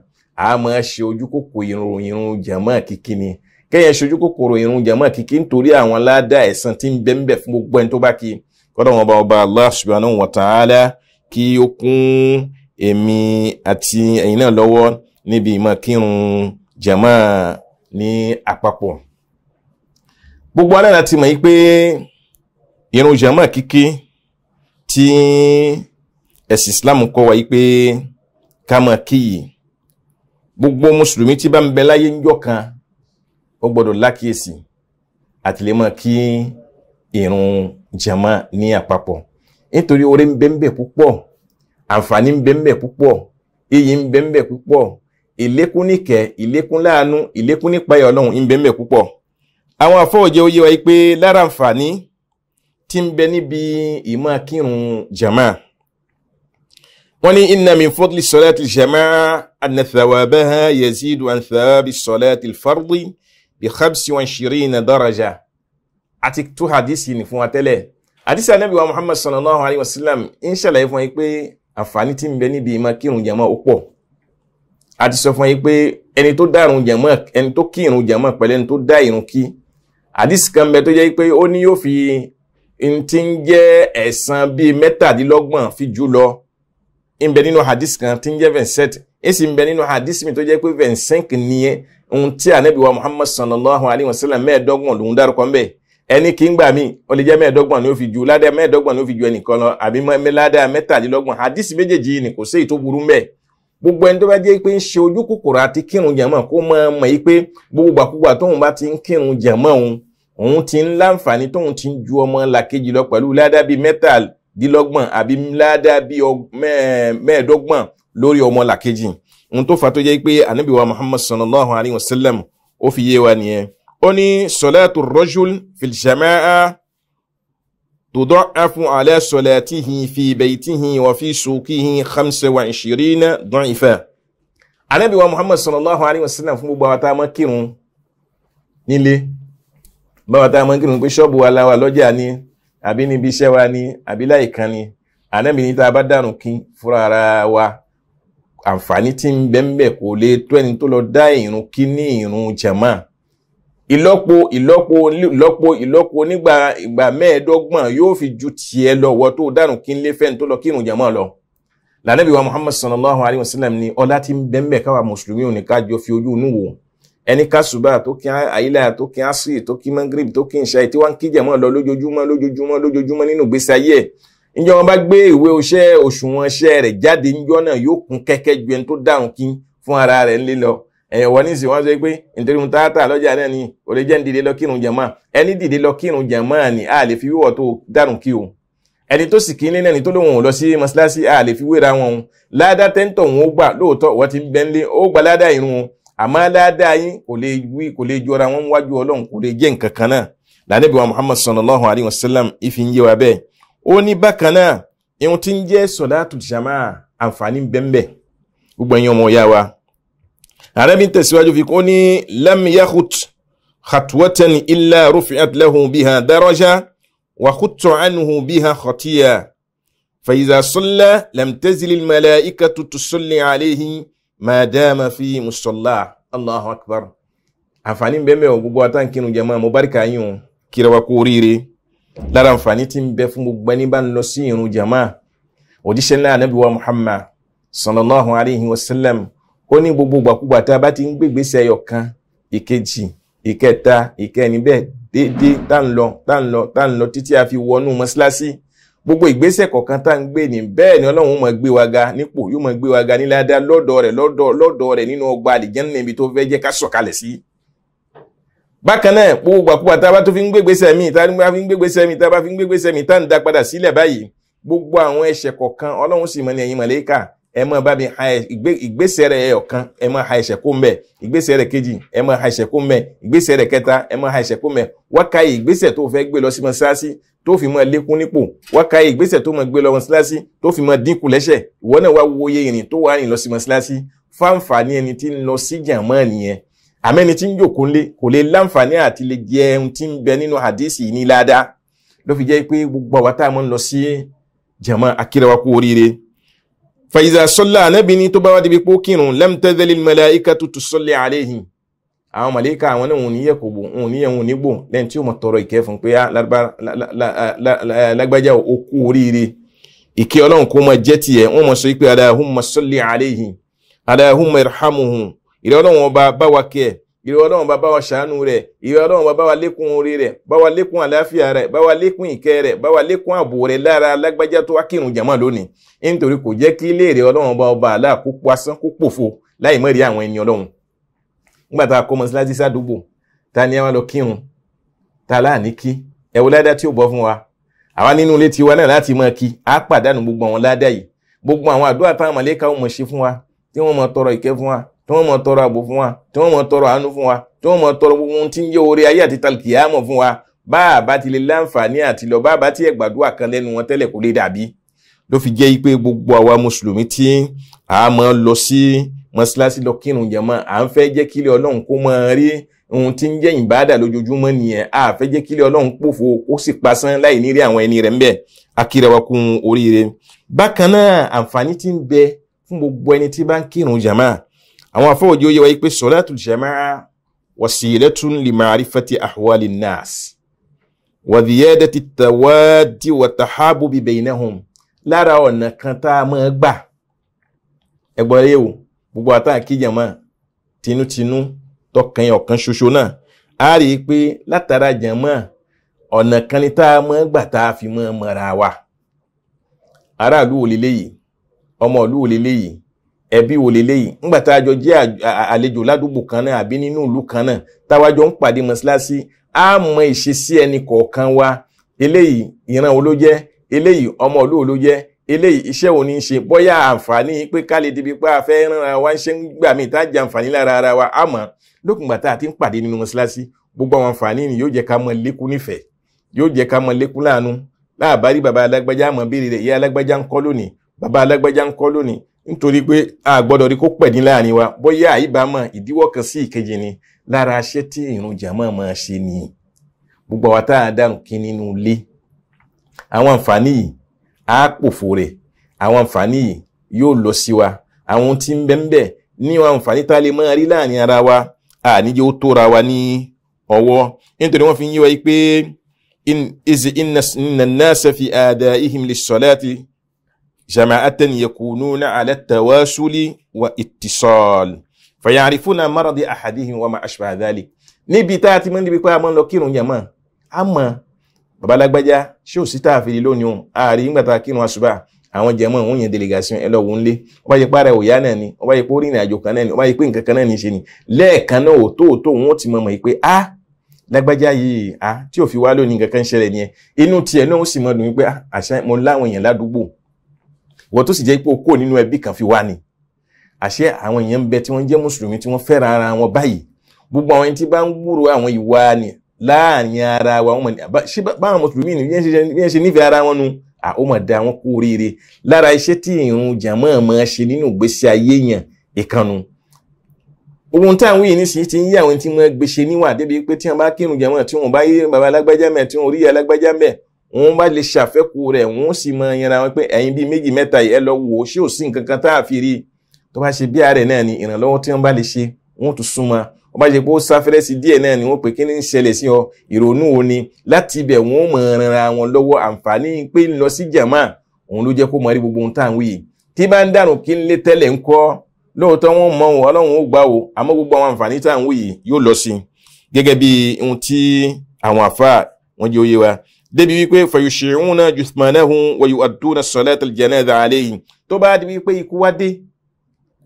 àmọ́ ṣe ojú kòkò irun irun jàmọ́ kíkí ni kẹ́yìn ṣe ojú kòkòrò irun jàmọ́ kíkí nítorí àwọn ládàá ẹ̀san tí ń bẹ fún gbogbo ẹni tó bá kí kọ́dọ̀ wọn bá ọba Allah subhanahu wa ta'ala kí ó kún èmi àti ẹ̀yin náà lọ́wọ́ níbi ìmọ̀ kírun jàmọ́ ní àpapọ̀ gbogbo alára irun jama kíkí tí ẹ̀sìn islam kọ́ wa yìí pé ká máa kíyì gbogbo mùsùlùmí tí bá ń bẹ láyé ń jọ́ kan ó gbọ́dọ̀ lákìyèsí àti lè máa kí irun jama ní àpapọ̀ nítorí oore ń bẹ ń bẹ púpọ̀ àǹfààní ń bẹ ń bẹ púpọ̀ iyì ń bẹ ń bẹ púpọ̀ ìlékún níkẹ́ ìlékún láàánú ìlékún nípa ẹ̀ ọlọ́run ń bẹ ń bẹ púpọ̀ àwọn àfọwọ́jẹ́ oyé wa yìí pé lára àǹfààní tí ń bẹ níbi ìmọ̀ kírun jama wọ́n ní inna min fadli salati jama'a anna thawabaha yazidu an thawabi salati al-fardi bi khamsi wa ishirina daraja àti tú hadisi ni fún wa tẹ́lẹ̀ hadisi anabi muhammad sallallahu alayhi wa sallam ń ṣàlàyé fún wa pé àǹfààní tí ń bẹ níbi ìmọ̀ kírun jama ó pọ̀ a sọ fún yín pé ẹni tó dárun jẹmọ ẹni tó kírun jẹmọ pẹ̀lú ẹni tó dá irun kí àdìsí kan bẹ tó jẹ́ pé ó ní yóò fi n ti ń jẹ́ ẹ̀san bíi mẹ́tàdínlọ́gbọ̀n fi jù lọ ń bẹ nínú hadith kan ti ń jẹ́ vingt-sept ń sì ń bẹ nínú hadith mi tó jẹ́ pé vingt-cinq nìyẹn ohun tí muhammad sallallahu alayhi wa sallam mẹ́ẹ̀ẹ́dọ́gbọ̀n lòún dárúkọ ń bẹ̀ ẹni kì í gbà mí ó lè jẹ́ mẹ́ẹ̀ẹ́dọ́gbọ̀n ni ó fi ju ládàá mẹ́ẹ̀ẹ́dọ́gbọ̀n ni ó fi ju ẹnìkan lọ àbí ládàá mẹ́tàdínlọ́gbọ̀n hadith méjèèjì ni kò sí èyí tó burú mbẹ́ẹ̀ gbogbo ẹni tó bá jẹ́ pé ń ṣe ojú kòkòrò àti kírun jàmọ́ kó mọ̀ ọ́n mọ̀ pé gbogbo àkúgbà tóun bá ti ń kírun jàmọ́ òun òun ti ń láǹfààní tóun ti ń ju ọmọ làkejì lọ pẹ̀lú ládàá bíi mẹ́tàdínlọ́gbọ̀n àbí ládàá bíi mẹ́ẹ̀ẹ́dọ́gbọ̀n lórí ọmọ làkejì ohun tó fà tó jẹ́ pé ànábì wa muhammad sallallahu alayhi wa sallam ó fi yé wa nìyẹn ó ní sọláàtù rọ́júl fìlìṣàmáà tòdọ́ àfún alẹ́ sọláàtìhìn fi bẹ̀yìtìhìn wà fi sùkìhìn hamsa wa ìṣirínà dán ìfẹ́ ànábì muhammad sallallahu alayhi wa sallam fún gbogbo àwọn tá kírun nílé báwa tá a mọ̀ ń kírun pé ṣọ́ọ̀bù wa láwa lọ́jà ni àbí níbi iṣẹ́ wa ni àbí láìkan ni ànábì ní tá a bá dànù kí fúnra ara wa àǹfààní tí ń bẹ ń bẹ kò lè tó ẹni tó lọ dá ìrun kí ní ìrun jàmá ìlọ́po ìlọ́po ìlọ́po ìlọ́po nígbà ìgbà mẹ́ẹ̀ẹ́dọ́gbọ̀n yóò fi ju tiẹ̀ lọ wọ tó dànù kí n lé fẹ́ni tó lọ kí ìrun jàmá lọ lànàbí wa muhammad sallallahu alayhi wa sallam ni ọlá tí ń bẹ ń bẹ káwa mùsùlùmí ò ká jọ fi ojú inú wò ẹni kásùbà tó kí àyílà tó kí àṣì tó kí mangrib tó kí ìṣá tí wọ́n ń kíjẹ̀ mọ́ lọ lójoojúmọ́ lójoojúmọ́ lójoojúmọ́ nínú ìgbésí ayé ẹ̀ ǹjẹ́ wọ́n bá gbé ìwé oṣẹ́ òṣùwọ̀n iṣẹ́ rẹ̀ jáde ńjọ́ náà yóò kún kẹ́kẹ́ ju ẹni tó dáhùn kí fún ara rẹ̀ ńlé lọ ẹ̀yìn wọ́n nísìnyí wọ́n sọ pé nítorí mu tààtà lọ́jà náà ni ò lè jẹ́ ń dìde lọ kírun jàmá ẹni dìde lọ kírun jàmá tó dárùn kí o ẹni tó ní tó lóun lọ sí mọ́ṣáláṣí a fi wéra wọn o ládá tẹ́ńtọ̀ wọn ó gbà lóòótọ́ wọ́n ti bẹ́ńlé ó gba ládá irun o àmọ́ dáadáa yín kò lè wí kò lè jọra wọn wájú ọlọ́run kò lè jẹ́ nǹkan kan náà lànàbí wa muhammad sallallahu alayhi wa sallam ìfi ń yé wa bẹ́ẹ̀ ó ní bákan náà irun tí ń jẹ́ sọ̀dáàtù jamaa àǹfààní bẹ́ńbẹ́ gbogbo ẹ̀yin ọmọ ìyá wa àrẹ́bí tẹ̀síwájú fi kó ní lam yahut khatwatan illa rufi'at lahu biha daraja wa khutta anhu biha khatiya fa iza salla lam tazil madama fi musalla allahu akbar àǹfààní bẹ́ẹ̀ mẹ́wọ̀n gbogbo àtàǹkìrún jẹ́ máa mo bárìkà yín o kíra wa kú oríire lára àǹfààní tí ń bẹ fún gbogbo ẹni bá ń lọ sí ìrun jama òjíṣẹ́ náà ànábì wa muhammad sallallahu alayhi wa sallam ó ní gbogbo gbàkúgbà tá a ti ń gbégbèsè ẹyọ kan ìkejì ìkẹta ìkẹni bẹ́ẹ̀ déédéé tá ń lọ tá ń lọ tá a fi wọnú mọ́ṣáláṣí gbogbo ìgbésẹ̀ kọ̀ọ̀kan tá à ń gbé ní bẹ́ẹ̀ ni ọlọ́run mọ̀ gbé wa ga nípò yóò mọ̀ gbé wa ga ní ládàá lọ́dọ̀ rẹ̀ lọ́dọ̀ lọ́dọ̀ rẹ̀ nínú ọgbà àlìjẹ́nu níbi tó fẹ́ jẹ́ ká sọ̀kalẹ̀ sí. bákan gbogbo àpòpà tá a bá tó fi ń gbégbèsè mi tá a fi ń gbégbèsè mi tá a bá fi ń gbogbo àwọn kọ̀ọ̀kan ọlọ́run sì ẹ̀yin ha kó rẹ kejì ẹ mọ kó rẹ kẹta ẹ mọ tó fi mọ lékún nípò wákà ìgbésẹ̀ tó mọ gbé lọ mọ́sálásí tó fi mọ dínkù lẹ́sẹ̀ ìwọ náà wá wo iye ìrìn tó wà rìn lọ sí mọ́sálásí fáǹfààní ẹni tí ń lọ sí jàmọ́ nìyẹn àmẹ́ni tí ń jòkó ńlé kò lè láǹfààní àti lè jẹ ohun tí ń bẹ nínú hadisi ní ládàá ló fi jẹ́ pé gbogbo àwa tá a mọ̀ ń lọ sí jàmọ́ akírawa kú oríire. fàyíṣà sọ́lá anábìíní tó bá wá débi pé ó kírun lam àwọn màlẹ́kà àwọn náà wọn ò ní yẹ kò bò wọn ò ní yẹ wọn ò ní gbò lẹ́yìn tí ó mọ̀ tọrọ ìkẹ́ fún pé ah, lágbájá okú oríire ìkẹ́ ọlọ́run kó máa jẹ́ tiẹ̀ wọ́n mọ̀ sọ pé Allahumma salli alayhi Allahumma irhamuhu ìrẹ́ ọlọ́run ọba bá wa kẹ́ ìrẹ́ ọlọ́run ọba bá wa ṣàánú rẹ̀ ìrẹ́ ọlọ́run ọba bá wa lékún orí rẹ̀ bá wa lékún àlàáfíà rẹ̀ bá wa lékún ìkẹ́ rẹ̀ bá wa lékún ààbò rẹ̀ lára lágbájá tó wá kírun jàmá lónìí nítorí kò jẹ́ kí ilé ìrẹ́ ọlọ́run ọba ọba àlá kó kó pòfo láì mọ̀ rí àwọn ẹni ọlọ́run nígbà tá a kó mọ́sálásí sádùúgbò ta ni a wá lọ kírun ta láà ní kí ẹ wo ládá tí ó bọ́ fún wa àwa nínú ilé tiwa náà láti máa kí á pàdánù gbogbo àwọn ládá yìí gbogbo àwọn àdúrà táwọn màlẹ́kà ó mọ̀ ṣe fún wa tí wọ́n mọ̀ tọrọ ìkẹ́ fún wa tí wọ́n mọ̀ tọrọ àbò fún wa tí wọ́n mọ̀ tọrọ àánú fún wa tí wọ́n mọ̀ tọrọ gbogbo ohun tí ń yẹ orí ayé àti tàlùkìyàmọ̀ fún wa bá a bá ti lè láǹfààní àti lọ bá a bá ti ẹ̀gbàdúrà kan lẹ́nu wọn tẹ́lẹ̀ kó lè dàbí ló fi jẹ́ pé gbogbo àwa mùsùlùmí tí a máa lọ sí mọ́ṣáláṣí lọ kírun jàmá à ń fẹ́ jẹ́ kílẹ̀ ọlọ́run kó máa rí ohun tí ń jẹ́ ìbáàdà lójoojúmọ́ nìyẹn a fẹ́ jẹ́ kílẹ̀ ọlọ́run pòfo kó sì pasán láì ní rí àwọn ẹni rẹ̀ ń bẹ̀ akírẹwà kún oríire. bákan náà àǹfààní ti ń bẹ fún gbogbo ẹni tí bá ń kírun jàmá àwọn afọwọ́jọ́ yẹ wáyé pé sọ̀látù jàmá wasilatun li ma'rifati ahwali nnas wa ziyadati tawadi wa tahabubi bainahum lára ọ̀nà kan tá gbogbo àtàkì jàmọ́ tinútinú tọkàn ọ̀kan ṣoṣo náà a rí i pé látara jàmọ́ ọ̀nà kan ní tá a mọ́ gbà tá a fi mọ́ mọ́ra wa aráàlú wò leléyìí ọmọ ìlú wò leléyìí ẹbí wò leléyìí ńgbà tá a jọ jẹ́ àlejò ládùúgbò kan náà àbí nínú ìlú kan náà táwa jọ ń pàdé mọ́ṣáláṣí a mọ ìṣesí ẹnì kọ̀ọ̀kan wa eléyìí ìran wo ló jẹ́ eléyìí ọmọ ìlú wo eléyìí iṣẹ́ òní ń ṣe bóyá àǹfààní pé ká lè débi pé a fẹ́ ránra wa ń ṣe ń gbà mí tá àǹfààní lára ara wa àmọ́ lókùngbà tá a ti ń pàdé nínú mọ́ṣáláṣí gbogbo àwọn àǹfààní ni yóò jẹ́ ká mọ lékún nífẹ̀ẹ́ yóò jẹ́ ká mọ lékún láàánú láàbárí bàbá alágbájá àmọ́ béèrè rẹ̀ ìyá alágbájá ń kọ́ lónìí bàbá alágbájá ń kọ́ lónìí nítorí pé a gbọ́dọ̀ rí kó pẹ̀ ní láàrin wa bóyá àyíbámọ̀ ìdíwọ́ kan àwọn àǹfààní yìí á pòfo rẹ̀ àwọn àǹfààní yìí yóò lọ sí wa àwọn tí ń bẹ ń bẹ ní àǹfààní tá a lè máa rí láàrin ara wa àníjẹ ó tóra wa ní ọwọ́ nítorí wọ́n fi ń yí wa yí pé izi inna nasa fi adaihim lissalati jama'atan yakununa ala tawasuli wa ittisal fayarifuna maradi ahadihim wa ma ashbaha dhalik níbi tá a ti mọ́ níbi pé a máa lọ kírun yẹn mọ́ a mọ́ babalágbájá ṣé ò sí tá a fi lónìí òun ààrí nígbà tá a kírun àṣùbà àwọn jẹmọ òun yẹn delegation ẹ lọ wọn bá yẹ pé ara òyà náà ni ó bá yẹ pé orí ìrìn kan náà ni ó bá yẹ pé nǹkan kan náà ní ṣe ni lẹ́ẹ̀kan náà ò tóòtó òun ó ti mọ̀ mọ̀ yìí pé a ah, lágbájá yìí a ah, tí ò fi wá lónìí nǹkan kan ṣẹlẹ̀ nìyẹn inú tiẹ̀ náà ó sì mọ̀ dùn pé ah, àṣà mo láwọn èèyàn ládùúgbò wọ́n tó sì jẹ́ pé o kò nínú ẹbí kan fi wá ni àṣẹ àwọn èèyàn ń bẹ tí wọ́n jẹ́ mùsùlùmí tí wọ́n fẹ́ràn ara wọn báyìí gbogbo àwọn ẹni tí bá ń gbúrò àwọn ìwà ni láàrin ara wa wọn ṣé báwọn mùsùlùmí ni bí wọ́n ṣe nífẹ̀ẹ́ ara wọn nu àwọn ọmọ da wọn kú oríire lára iṣẹ́ tí ìrun jàmọ́ máa ṣe nínú ìgbésí ayé yẹn ìkànnù ohun táwọn yìí nísìnyí ti ń yí àwọn tí wọ́n gbé ṣe níwà débi pé tí wọ́n bá kírun jàmọ́ tí wọ́n bá yí baba alágbájá mẹ́ tí wọ́n rí alágbájá mẹ́ wọ́n bá lè ṣàfẹ́kù rẹ̀ wọ́n sì máa yanra wọn pé ẹ̀yin bíi méjì mẹ́ta ẹ̀ lọ wò ó ṣé ò sí nǹkan kan tá a fi rí tó bá ṣe bí ààrẹ náà ni ìrànlọ́wọ́ tí wọ́n bá lè ṣe wọ́n tún súnmọ́ wọ́n bá ṣe pé ó sáfẹ́rẹ́ sí díẹ̀ náà ni wọ́n pè kí ni ń ṣẹlẹ̀ sí ọ ìrònú wo ni láti ibẹ̀ wọ́n mọ̀ ara wọn lọ́wọ́ àǹfààní pé ń lọ sí jàmá òun ló jẹ́ kó mọ̀ rí gbogbo ohun tá à ń wí yìí tí bá ń dànù kí n lé tẹ́lẹ̀ ń kọ́ lóòótọ́ wọn mọ òun ọlọ́run ó gbà wò àmọ́ gbogbo àwọn àǹfààní tá yìí yóò lọ sí gẹ́gẹ́ bí ohun tí àwọn àfáà wọn jẹ́ òye wa débi wípé fayushirun náà jùmọ̀ náà hun wọ́n yóò àdúrà sọ̀lẹ́tàl jẹ́ náà dà á léyìn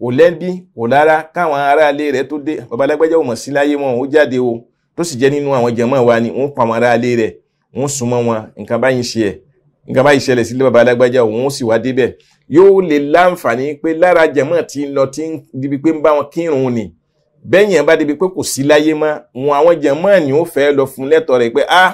kò lẹ́bí kò lára káwọn aráalé rẹ̀ tó dé bàbá alágbájá ò mọ̀ sí láyé wọn ò jáde o tó sì jẹ́ nínú àwọn jẹ̀mọ́ wa ni wọ́n pa àwọn aráalé rẹ̀ wọ́n sún mọ́ wọn nǹkan báyìí ṣe ẹ̀ nǹkan báyìí ṣẹlẹ̀ sílé bàbá alágbájá òun ó sì wá débẹ̀ yóò lè láǹfààní pé lára jẹ̀mọ́ tí lọ tí ń dibi pé ń bá wọn kírun ni bẹ́ẹ̀ yẹn bá dibi pé kò sí láyé mọ́ wọn àwọn jẹ̀mọ́ ni ó fẹ́ lọ fún lẹ́tọ̀ọ́ rẹ̀ pé ah,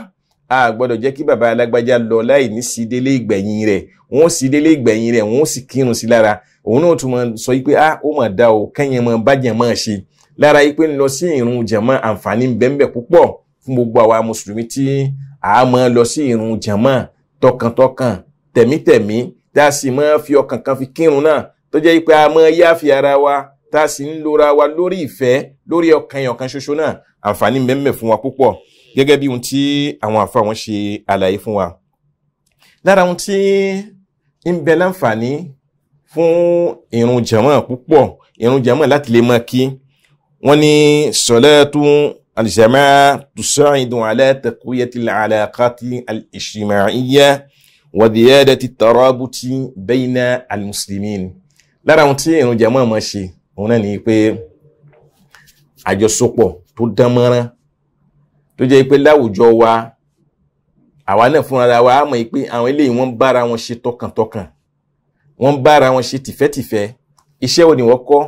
a gbọ́dọ̀ jẹ́ kí bàbá alágbájá lọ láì ní sí délé ìgbẹ̀yìn rẹ̀ wọ́n sì délé ìgbẹ̀yìn rẹ̀ wọ́n sì kírun sí lára òun náà tún máa sọ yìí pé a ah, ó mà dá o kẹ́yìn máa bàjẹ́ máa ṣe lára pé lọ sí ìrun jàmá àǹfààní bẹ́ẹ̀nbẹ́ẹ̀ púpọ̀ fún gbogbo àwa mùsùlùmí tí a máa lọ sí ìrun jàmá tọkàntọkàn tẹ̀mítẹ̀mí tá a sì máa fi ọkàn kan fi kírun náà tó jẹ́ pé a máa yáfi ara wa tá a sì ń lora wa lórí ìfẹ́ lórí ọkàn yẹn ọ̀kan ṣoṣo náà àǹfààní bẹ́ẹ̀nbẹ́ẹ̀ fún wa púpọ̀ gẹ́gẹ́ bí ohun tí àwọn àfa wọn ṣe àlàyé fún wa lára ohun tí ń bẹ láǹfààní fún irun jẹ̀mọ́ púpọ̀ irun jẹ̀mọ́ láti lè máa kí wọ́n ní sọ̀lẹ́tù alìjẹ̀mọ́ tùsọ̀rìndùn alẹ́ tẹ̀kúyẹ́tì alaqati al-ijtima'iyya wa ziyadati tarabuti bayna al-muslimin lára ohun tí irun jẹ̀mọ́ máa ṣe òun náà ni pé àjọsopọ̀ tó dán tó jẹ́ pé láwùjọ wa àwa náà fúnra wa á mọ̀ pé àwọn eléyìí wọ́n bára wọn ṣe tọkàntọkàn wọ́n ń bára wọn ṣe tìfẹ́tìfẹ́ iṣẹ́ wo ni wọ́n kọ́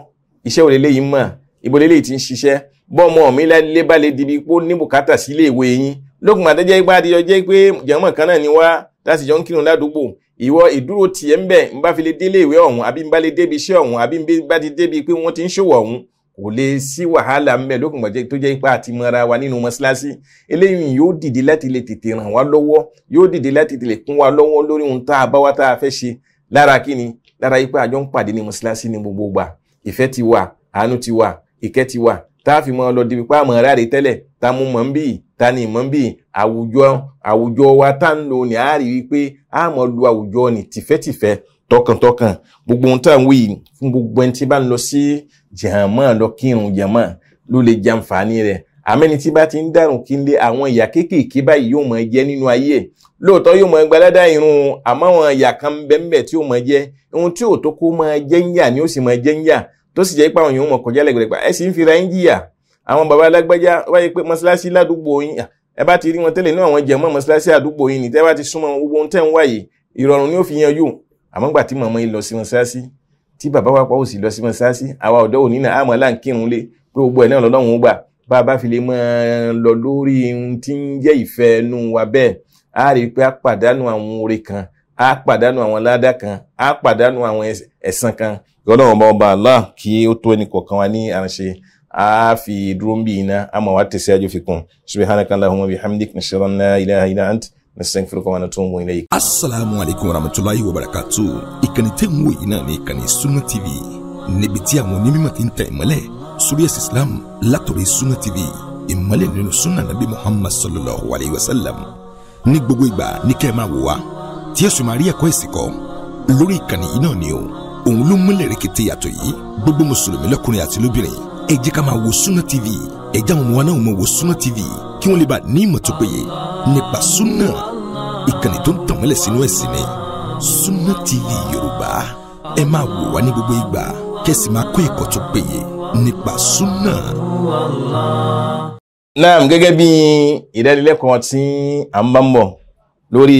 iṣẹ́ wo leléyìí mọ̀ ibo leléyìí ti ń ṣiṣẹ́ bọ́ọ̀mọ mi lálé bá lè dibi pé ó ní bùkátà sí ilé ìwé yín lókùnmọ̀ àtẹ́jẹ́ ipá adìyọ jẹ́ pé jẹ̀mọ̀ kan náà ni wá láti jọ ń kírun ládùúgbò ìwọ ìdúró tiẹ̀ ń bẹ̀ ń bá fi lè délé ìwé ọ̀hún àbí ń bá lè débi iṣẹ́ ọ̀hún àbí ń bá ti débi pé wọ́n ti ń ṣòwò ọ̀hún kò lè sí wàhálà ń bẹ lókùnbọ̀ tó jẹ́ ipá àti mọ́ra wa nínú mọ́ṣáláṣí eléyìí yóò dìde láti lè tètè ràn wá lọ́wọ́ yóò dìde láti lè kún wa lọ́wọ́ lórí ohun tá a bá wa tá a fẹ́ ṣe lára kí ni lára yí àjọ ń pàdé ní mọ́ṣáláṣí ní gbogbo gbà ìfẹ́ ti wà àánú ti wà ìkẹ́ ti wà tá a fi mọ́ lọ dibi pa àmọ́ ráre tẹ́lẹ̀ ta mú mọ́ ń bì ta ní mọ́ ń bì àwùjọ àwùjọ wa tá ń lò ní àárí wípé a mọ̀ lu àwùjọ ní tìfẹ́tìfẹ́ tọkàntọkàn gbogbo ohun tá à ń wí fún gbogbo ẹni tí bá ń lọ sí jàmọ́ lọ kírun jàmọ́ ló lè jàǹfààní rẹ̀ àmẹ́ni tí bá ti ń dàrùn kí n lé àwọn ìyà kéékèèké báyìí yóò máa jẹ nínú ayé ẹ̀ lóòótọ́ yóò máa gbalada irun àmọ́ àwọn ìyà kan bẹ́ẹ̀nbẹ́ẹ̀ tí ó máa jẹ ohun tí ò tó kó máa jẹ́ ń yà ni ó sì máa jẹ́ ń yà tó sì jẹ́ pé àwọn èèyàn mọ̀ kọjá lẹ́gbẹ̀lẹ́gbà ẹ sì ń fira ń jìyà àwọn baba alágbájá wáyé pé mọ́ṣáláṣí ládùúgbò yín ẹ bá ti rí wọn tẹ́lẹ̀ ní àwọn jẹ̀mọ́ mọ́ṣáláṣí àdúgbò yín ní tẹ́ bá ti súnmọ́ bá a bá fi lè mọ lọ lórí ohun tí ń jẹ́ ìfẹ́ inú wa bẹ́ẹ̀ a rí i pé a pàdánù àwọn oore kan a pàdánù àwọn ládà kan a pàdánù àwọn ẹ̀san kan ìrọ̀lọ́wọ́ ọba ọba Allah kí ó tó ẹnì kọ̀ọ̀kan wa ní àránṣe a fi dúró ń bì iná a mọ̀ wá tẹ̀síwájú fi kún subhanaka Allahumma wa bihamdik nashhadu an la ilaha illa ant nastaghfiruka wa natubu ilayk. asalaamualeykum wa rahmatulahi wa barakatu ìkànnì tẹ́ ń wò yìí náà ní ìkànnì Sunna TV níbi tí àwọn onímọ̀ ti ń tẹ̀ mọ́lẹ̀ sórí ẹ̀sìn islam látọ̀rí sunna tv ìmọ̀lẹ̀ nínú sunna nabi muhammad sallallahu alayhi wa sallam ní gbogbo ìgbà ní kẹ́ ẹ máa wò wá tí ẹ sì máa rí ẹ̀kọ́ ẹ̀sìn kọ́ lórí ìkànnì yìí náà ni o òun ló múlẹ̀ rẹ̀kẹ̀tẹ̀ yàtọ̀ yìí gbogbo mùsùlùmí lọ́kùnrin àti lóbìnrin ẹ jẹ́ ká máa wo sunna tv ẹ jẹ́ àwọn ọmọ wa náà máa wo sunna tv kí wọ́n lè bá ní ìmọ̀ tó péye nípa sunna ìkànnì tó ń tàn mọ́lẹ̀ sínú ẹ̀sìn ni sunna tv yorùbá ẹ máa wò wá ní gbogbo ìgbà kẹ́sì máa kọ́ ẹ̀kọ́ tó péye nípa súnà. naam gẹ́gẹ́ bí ìdánilẹ́kọ̀ọ́ tí a ń bá ń bọ̀ lórí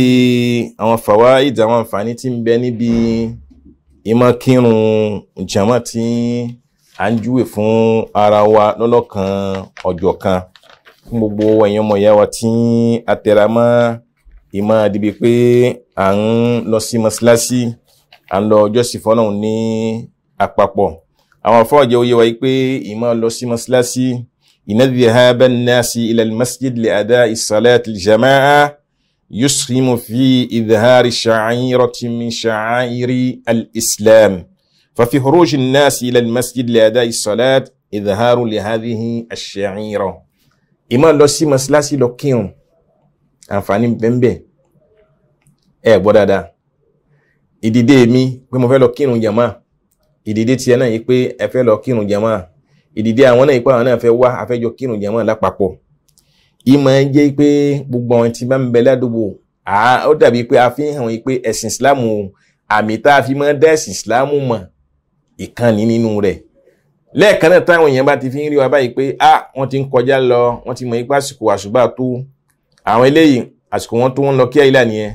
àwọn fawaid àwọn àǹfààní tí ń bẹ níbi ìmọ̀ kírun jàmá tí à ń júwe fún ara wa lọ́lọ́kan ọjọ́ kan fún gbogbo ẹ̀yin ọmọ ìyá wa tí a tẹra mọ́ ìmọ̀ àdìbí pé à ń lọ sí mọ́ṣáláṣí à ń lọ ọjọ́ sí fọ́lọ́hún ní àpapọ̀ àwọn afọ àjẹ oyé wa yìí pé ìmọ̀ lọ sí maslasi inna dhahaba nasi ila al-masjid li ada'i salati al-jama'a yusrimu fi idhari sha'irati min sha'iri al-islam fa fi khuruj an-nasi ila al-masjid li ada'i salati idharu li hadhihi ash-sha'ira ìmọ̀ lọ sí maslasi lọ kírun àǹfààní bẹ́ẹ̀ ẹ̀ gbọ́ dáadáa ìdìde mi pé mo fẹ́ lọ kinun jàmáà ìdìde tiẹ̀ náà yìí pé ẹ fẹ́ lọ kírun jàmá ìdìde àwọn náà yìí pé àwọn náà fẹ́ wá afẹ́jọ kírun jàmá lápapọ̀ ìmọ̀ ẹ jẹ́ pé gbogbo àwọn tí bá ń bẹ ládùúgbò ó dàbí pé a fi ń hàn yìí pé ẹ̀sìn islam àmì tá a fi máa dá ẹ̀sìn islam mọ̀ ìkànnì nínú rẹ̀ lẹ́ẹ̀kan náà táwọn èèyàn bá ti fi ń rí wa báyìí pé a wọ́n ti ń kọjá lọ wọ́n ti mọ̀ yípa àsìkò àṣùbà tó àwọn eléyìí àsìkò wọn tó ń lọ kí àyílà nìyẹn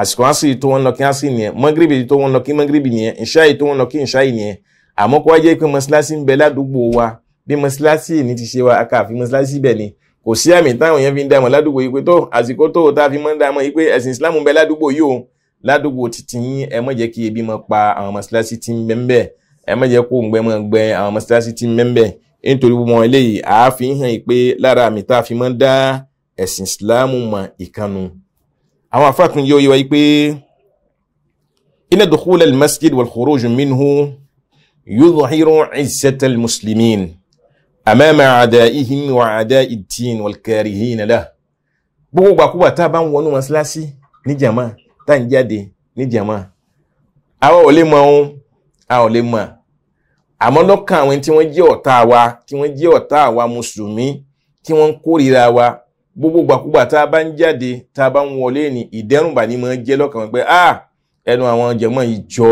àsìkò àsì to wọn lọ kí àsì nìyẹn mọ́gírìbì tó wọn lọ kí mọ́gírìbì nìyẹn ìṣáì tó wọn lọ kí ìṣáì nìyẹn àmọ́ pé mọ́sálásí ń bẹ ládùúgbò wa bí mọ́sálásí ní ti ṣe wa aka àfi mọ́sálásí bẹ̀ ni kò sí àmì táwọn yẹn fi ń dààmú ládùúgbò yìí pé tó àsìkò tó tá a fi mọ́ ń dààmú yìí pé ẹ̀sìn Islam ń bẹ ládùúgbò yìí o ládùúgbò títí yín ẹ má jẹ́ kí ebi mọ́ pa àwọn mọ́sálásí tí ń bẹ ń ẹ má àwọn afáàkùn yóò yẹ wáyé pé inna dukhula al-masjid wal khuruj minhu yudhiru izzata al-muslimin amama a'da'ihim wa a'da'i ad-din wal karihina lah gbogbo gbàkúgbà tá a bá ń wọnú mọ́sálásí ní jàmá tá à ń jáde ní jàmá àwa ò lè mọ ohun a ò lè mọ àmọ́ lọ́kàn àwọn tí wọ́n jẹ́ ọ̀tá wa tí wọ́n jẹ́ ọ̀tá wa mùsùlùmí tí wọ́n ń wa gbogbo gbàkúgbà tá a bá ń jáde tá a bá ń wọlé ní ìdẹ́rùnbà ni mo jẹ́ lọ́kàn pé ah ẹnu àwọn jẹ̀mọ́ yìí jọ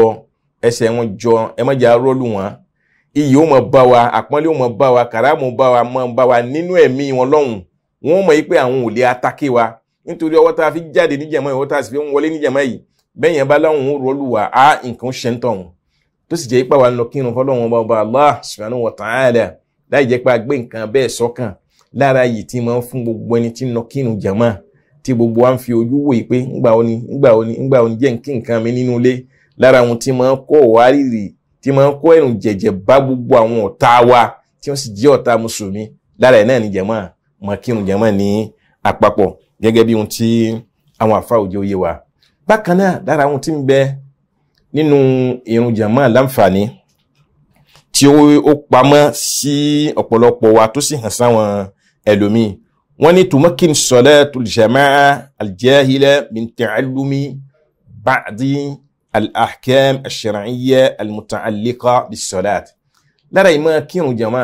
ẹsẹ̀ wọn jọ ẹ má jẹ́ arọ́lù wọn iyì ó mọ̀ bá wa àpọ́nlé ó mọ̀ bá wa kàràmù bá wa mọ̀ bá wa nínú ẹ̀mí wọn lọ́hùn wọn mọ̀ yí pé àwọn ò lè atáké wa nítorí ọwọ́ tá a fi jáde níjàmọ́ yìí ọwọ́ tá a sì fi ń wọlé níjàmọ́ yìí bẹ́ẹ̀ yẹn bá láwọn ò rọ́lù wa á nǹkan ṣe ń tọ̀hún tó sì jẹ́ ipá wa ń lọ kírun fọlọ́wọn ọba ọba Allah subhanahu wa ta'ala láì jẹ́ pé a gbé nǹkan bẹ́ẹ̀ sọ́kàn lára yìí tí máa ń fún gbogbo ẹni tí ń lọ kírun jàmá tí gbogbo wa ń fi ojú wò yìí pé ńgbà òní ńgbà òní ńgbà òní jẹ́ nkí nǹkan mi nínú ilé lára àwọn tí máa ń kó wárìrì tí máa ń kó ẹ̀rùn jẹ̀jẹ̀ bá gbogbo àwọn ọ̀tá wa tí wọ́n sì jẹ́ ọ̀tá mùsùlùmí lára ẹ̀ náà ni jàmá máa kírun jàmá ní àpapọ̀ gẹ́gẹ́ bí ohun tí àwọn àfa òjò yé wa bákan náà lára àwọn tí ń bẹ nínú ìrun jàmá láǹfààní tí ó pamọ́ sí ọ̀pọ̀lọpọ̀ wa tó sì hàn sáwọn ẹlòmíì wọ́n ní tumakin salatul jama'a aljahila min ta'allumi ba'di al-ahkam ash-shar'iyya al-muta'alliqa bis-salat lára ìmọ̀ kírun jama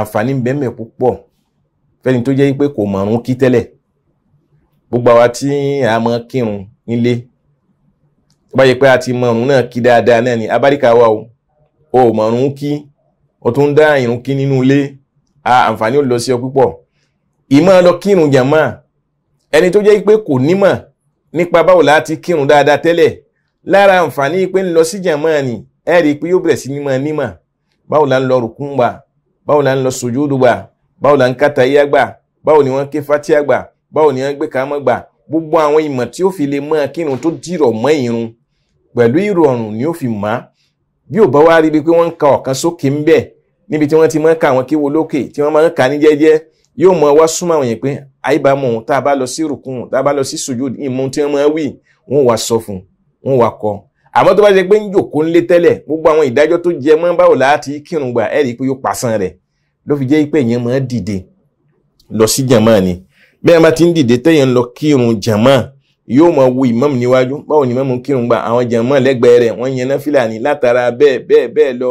àǹfààní bẹ́ẹ̀mẹ̀ púpọ̀ fẹ́ni tó jẹ́ pé kò mọ̀rún kí tẹ́lẹ̀ gbogbo àwa tí a mọ̀ kírun nílé tó bá yẹ pé a ti mọ̀rún náà kí dáadáa náà ni abáríkà wa o ò mọ̀rún kí o tún dá ìrún kí nínú ilé àǹfààní ó lọ sí ọ púpọ̀ ìmọ̀ lọ kírun jàmọ́ ẹni tó jẹ́ pé kò nímọ̀ nípa báwo láti kírun dáadáa tẹ́lẹ̀ lára àǹfààní pé ń lọ sí jàmọ́ ni ẹ rí i pé yóò bẹ̀rẹ̀ sí ní mọ̀ nímọ̀ báwo la ń lọ rùkún gbà báwo la ń lọ sùjúdù gbà báwo la ń kàtà yá gbà báwo ni wọ́n ké fatia gbà báwo ni wọ́n gbé kàmọ́ gbà gbogbo àwọn ìmọ̀ tí ó fi lè mọ̀ kírun tó dìrọ̀ mọ́ ìrun pẹ̀lú ìrọ̀rùn ni ó fi mọ̀ bí ò bá wá rí i pé wọ́n ń ka ọ̀kan sókè ń bẹ́ẹ̀ níbi tí wọ́n ti máa ń ka àwọn kéwo lókè tí wọ́n máa ń ka ní jẹ́jẹ́ yóò mọ wá súnmọ́ àwọn yẹn pé àyíbámu tá a bá lọ sí rùkún tá a bá lọ sí sùjúdù ìmú tí wọ́n máa wí wọ́n wá sọ fún wọ́n wá kọ́ àmọ́ tó bá jẹ́ pé ń jòkó ńlé tẹ́lẹ̀ gbogbo àwọn ìdájọ́ tó jẹ mọ́ báwo láti kírun gbà ẹ̀ rí i pé yóò pàṣán rẹ̀ ló fi jẹ́ pé èèyàn máa dìde lọ sí jàmáà ni bẹ́ẹ̀ máa ti ń dìde téèyàn lọ kírun jàmáà yóò mọ wo ìmáàmù níwájú báwo ni ìmáàmù kírun gbà àwọn jàmáà lẹ́gbẹ̀ẹ́ rẹ̀ wọ́n yẹn náfìlà ní látara bẹ́ẹ̀ bẹ́ẹ̀ bẹ́ẹ̀ lọ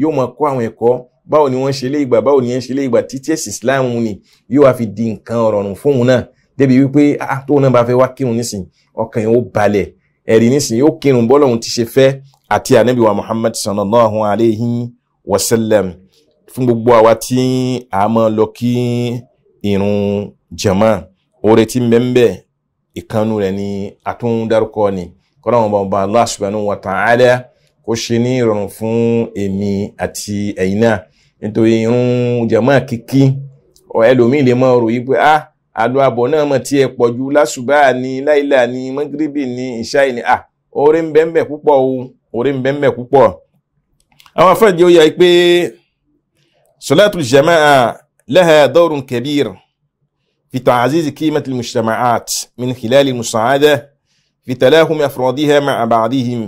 yóò mọ kó àwọn ẹ̀kọ́ báwo ni wọ́n ṣe lé ìgbà báwo ni wọ́n ṣe lé ìgbà títí ẹ̀sìn Islam ni yóò wá fi di nǹkan ọ̀rọ̀rùn fóun náà débi wípé ah tóun náà bá fẹ́ wá kírun nísìn ọkàn yẹn ó balẹ̀ ẹ̀rí nísìn yóò kírun bọ́lọ́hun ti ṣe fẹ́ àti ànábì wa Muhammad sallallahu alayhi wa sallam fún gbogbo àwa tí a máa lọ kí irun jama oore tí ń bẹ ń bẹ ìkanu rẹ̀ ni àtún dárúkọ ni kọ́nà wọn bá wọn bá ṣe ní ìrọ̀rùn fún èmi àti ẹ̀yin náà nítorí irun jẹ̀mọ́ kíkí ẹlòmíì lè máa rò yí pé ah àlọ́ àbọ̀ náà mọ̀ tí ẹ pọ̀ ju lásùbà ni láìlà ni mọ́gíríbì ni ìṣáì ni ah oore ń bẹ́ẹ̀ púpọ̀ o oore ń bẹ́ẹ̀ púpọ̀. àwọn afẹ́jẹ́ ó yà pé sọlátù jama'a laha dawrun kabir fi ta'aziz qimati al-mujtama'at min khilal al-musa'ada fi talahum afradiha ma'a ba'dihim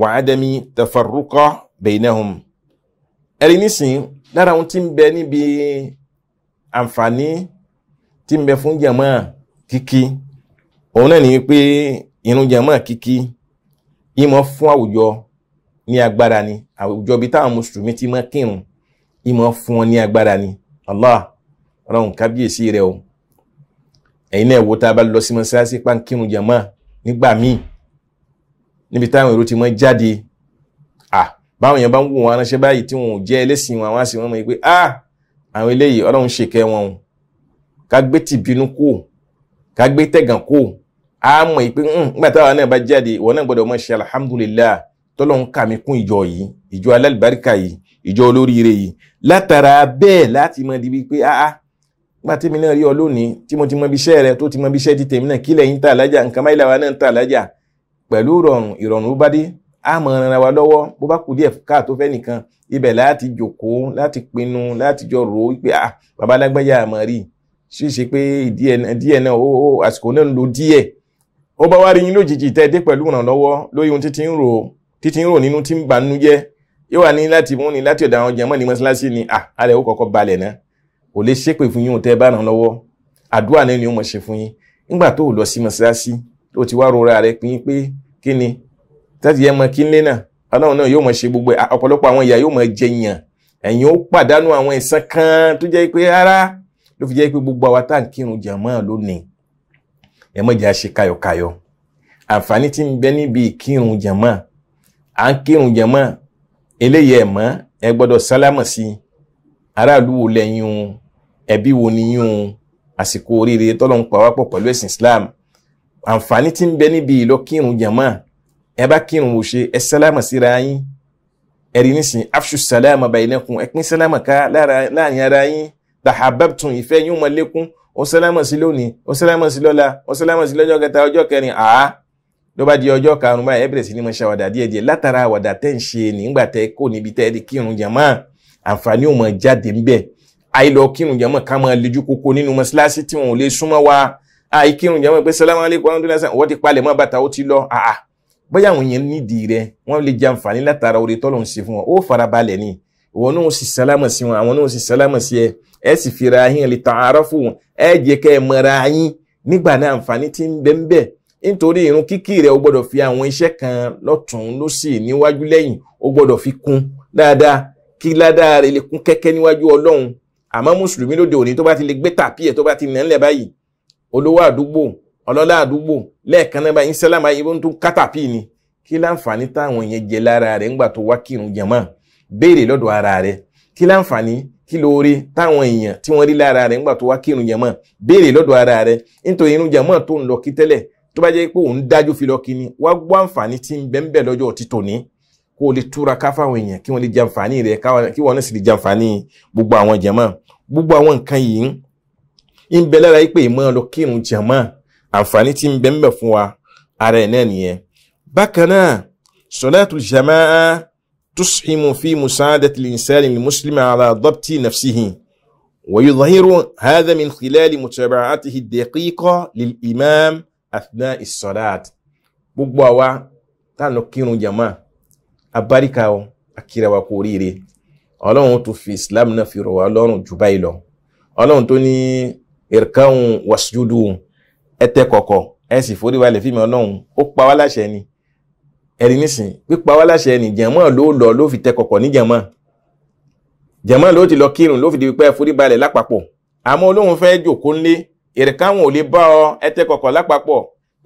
wa adami tafarruqa bainahum. ẹ̀rí nísìnyí lára ohun tí ń bẹ níbi àǹfààní tí ń bẹ fún jàmá kíkí òun náà ni pé irun jàmá kíkí ìmọ̀ fún àwùjọ ní agbára ni àwùjọ bíi táwọn mùsùlùmí ti máa kírun ìmọ̀ fún wọn ní agbára ni Allah ọlọ́run kábíyèsí rẹ o ẹ̀yin náà wo tá a bá lọ sí mọ́ṣáláṣí pánkírun jàmá nígbà míì níbi táwọn èrò ti máa jáde ah báwọn èèyàn bá ń wò wọn aránṣẹ́ báyìí tí wọn ò jẹ́ ẹlẹ́sìn wọn àwọn àṣì wọn mọ̀ pé ah àwọn eléyìí ọlọ́run ṣe kẹ́ wọn o ká gbé tìbínú kó ká gbé tẹ̀gàn kó a mọ̀ pé nígbà táwa náà bá jáde ìwọ náà gbọ́dọ̀ mọ̀ ṣe alhamdulillah tọ́lọ́run kà mí kún ìjọ yìí ìjọ alálùbáríkà yìí ìjọ olóríire yìí látara bẹ́ẹ̀ láti mọ̀ dibi pé ah nígbà tí mi náà rí ọ lónìí tí mo ti mọ ibiṣẹ́ rẹ tó ti mọ ibiṣẹ́ ti tèmi náà kílẹ̀ yín tà lájà nǹkan báyìí náà tà lájà pẹ̀lú ìrọ̀rùn ìrọ̀rùn bá dé a mọ ara wa lọ́wọ́ bó bá kù díẹ̀ káà tó fẹ́ nìkan ibẹ̀ láti jòkóó láti pinnu láti jọ rò ó pé ah bàbá alágbájá àmọ́ rí ṣì ṣe pé díẹ̀ náà ó àsìkò náà ń lo díẹ̀ ó bá wá rí yín lójijì tẹ́ ẹ dé pẹ̀lú ìrànlọ́wọ́ lórí ohun títí ń rò títí ń rò nínú tí ń bà nínú jẹ́ yóò wà ní láti mú ni láti ọ̀dà àwọn jẹ̀mọ́ ní mọ́ṣáláṣí ni ah alẹ́ ó kọ́kọ́ balẹ̀ náà kò lè ṣépè fún yín tẹ́ ẹ bá ràn lọ́wọ́ àdúrà náà ni ó mọ̀ ṣe tẹ́tì yẹn mọ kí nílé náà ọlọ́run náà yóò mọ ṣe gbogbo ọ̀pọ̀lọpọ̀ àwọn ìyá yóò mọ jẹyàn ẹ̀yin ó pàdánù àwọn ẹ̀san kan tó jẹ́ pé rárá ló fi jẹ́ pé gbogbo àwa tá à ń kírun jàmọ́ lónìí ẹ mọ̀ jẹ́ àṣe kayọ̀kayọ̀ àǹfààní tí ń bẹ níbi ìkírun jàmọ́ à ń kírun jàmọ́ eléyìí ẹ̀ mọ́ ẹ gbọ́dọ̀ sálámọ̀ sí i aráàlú wo lẹ́yìn ẹbí wo ni àsìkò oríire tọ́lọ́ ń pa wá pọ̀ pẹ̀lú ẹ̀sìn Islam àǹfààní tí ń bẹ níbi ìlọ kírun jàmọ́ ẹ bá kírun wò ṣe ẹ sálámà síra yín ẹ̀rí nísìnyí afṣu sálámà bainakum ẹ pín sálámà ká láàrin ara yín tahabbabtum ìfẹ́ yín mọ lékún ó sálámà sí lónìí ó sálámà sí lọ́la ó sálámà sí lọ́jọ́ kẹta ọjọ́ kẹrin àá ló bá di ọjọ́ karùn-ún báyìí ẹ bẹ̀rẹ̀ sí ní mo ṣe àwàdà díẹ̀díẹ̀ látara àwàdà tẹ́ ń ṣe nígbà tẹ́ kó níbi tẹ́ di kírun jàmá àǹfààní ò mọ̀ jáde ńbẹ̀ àìlọ kírun jàmá ká máa lejú koko nínú mọ́ṣáláṣí tí wọn ò lè súnmọ́ wa àìkírun jàmá pé sálámà alẹ́ kọ́ wọ́n ti palẹ̀ mọ́ bàtà ó ti lọ àà bóyá àwọn èèyàn nídìí rẹ wọ́n lè jẹ àǹfààní látara oore tọ́lọ̀ ń ṣe fún wọn ó farabalẹ̀ ni wọn náà sì sálámà sí wọn àwọn náà sì sálámà sí ẹ ẹ sì fira yín lè tàn ara fún wọn ẹ jẹ kẹ ẹ mọra yín nígbà náà àǹfààní ti ń bẹ ń bẹ nítorí irun kíkí rẹ o gbọ́dọ̀ fi àwọn iṣẹ́ kan lọ́tùn lósì níwájú lẹ́yìn o gbọ́dọ̀ fi kún dáadáa kí ládàá rẹ lè kún kẹ́kẹ́ níwájú Ọlọ́run àmọ́ mùsùlùmí lóde òní tó bá ti lè gbé tàpí ẹ tó bá ti nà ń lẹ báyìí olówó àdúgbò ọlọ́lá àdúgbò lẹ́ẹ̀kan náà báyìí sálámà yìí bó ń tún kátàpì ni kí láǹfààní táwọn yẹn jẹ lára rẹ̀ ńgbà tó wá kírun jàmáà béèrè lọ́dọ̀ ara rẹ̀ kí láǹfààní kí lóore táwọn èèyàn tí wọ́n rí lára rẹ̀ ńgbà tó wá kírun jàmáà béèrè lọ́dọ̀ ara rẹ̀ nítorí irun jàmáà tó ń lọ kí tẹ́lẹ̀ tó bá jẹ́ pé òun dájú fi lọ kí ni wá gbọ́ àǹfààní tí ń bẹ́ ń bẹ̀ lọ́jọ́ ti tòní kó o lè túra ká fáwọn èèyàn kí wọ́n lè jàǹfààní rẹ̀ kí wọ́n sì lè jàǹfààní gbogbo àwọn jàmáà gbogbo àwọn nǹkan yìí ń bẹ lára yìí pé ìmọ̀ lọ kírun jàmáà àǹfààní tí ń bẹ ń bẹ fún wa ara ẹ̀ náà nìyẹn. bákan náà sọláàtù jamaa tushimu fi musaadati linsani limuslimi ala dabti nafsihi wayudhiru hadha min khilali mutabaatihi daqiqa lil imam athna isolaat gbogbo àwa táà lọ kírun jamaa abáríkà o akira wa kú ọlọ́run tó fi islam náà fi rọ̀ wá lọ́rùn jù ọlọ́run tó ní irkaun wasjudu ẹ tẹ kọ̀kọ̀ ẹ sì forí balẹ̀ fíìmù ọlọ́run ó pa wá láṣẹ ni ẹ̀rí nísìn pípa wá láṣẹ ni jẹ̀mọ́ ló lọ ló fi tẹ kọ̀kọ̀ ní jẹ̀mọ́ jẹ̀mọ́ ló ti lọ kírun ló fi di pé forí balẹ̀ lápapọ̀ àmọ́ olóhùn fẹ́ jòkó ńlé ìrìnkáwọn ò lè bá ọ ẹ tẹ kọ̀kọ̀ lápapọ̀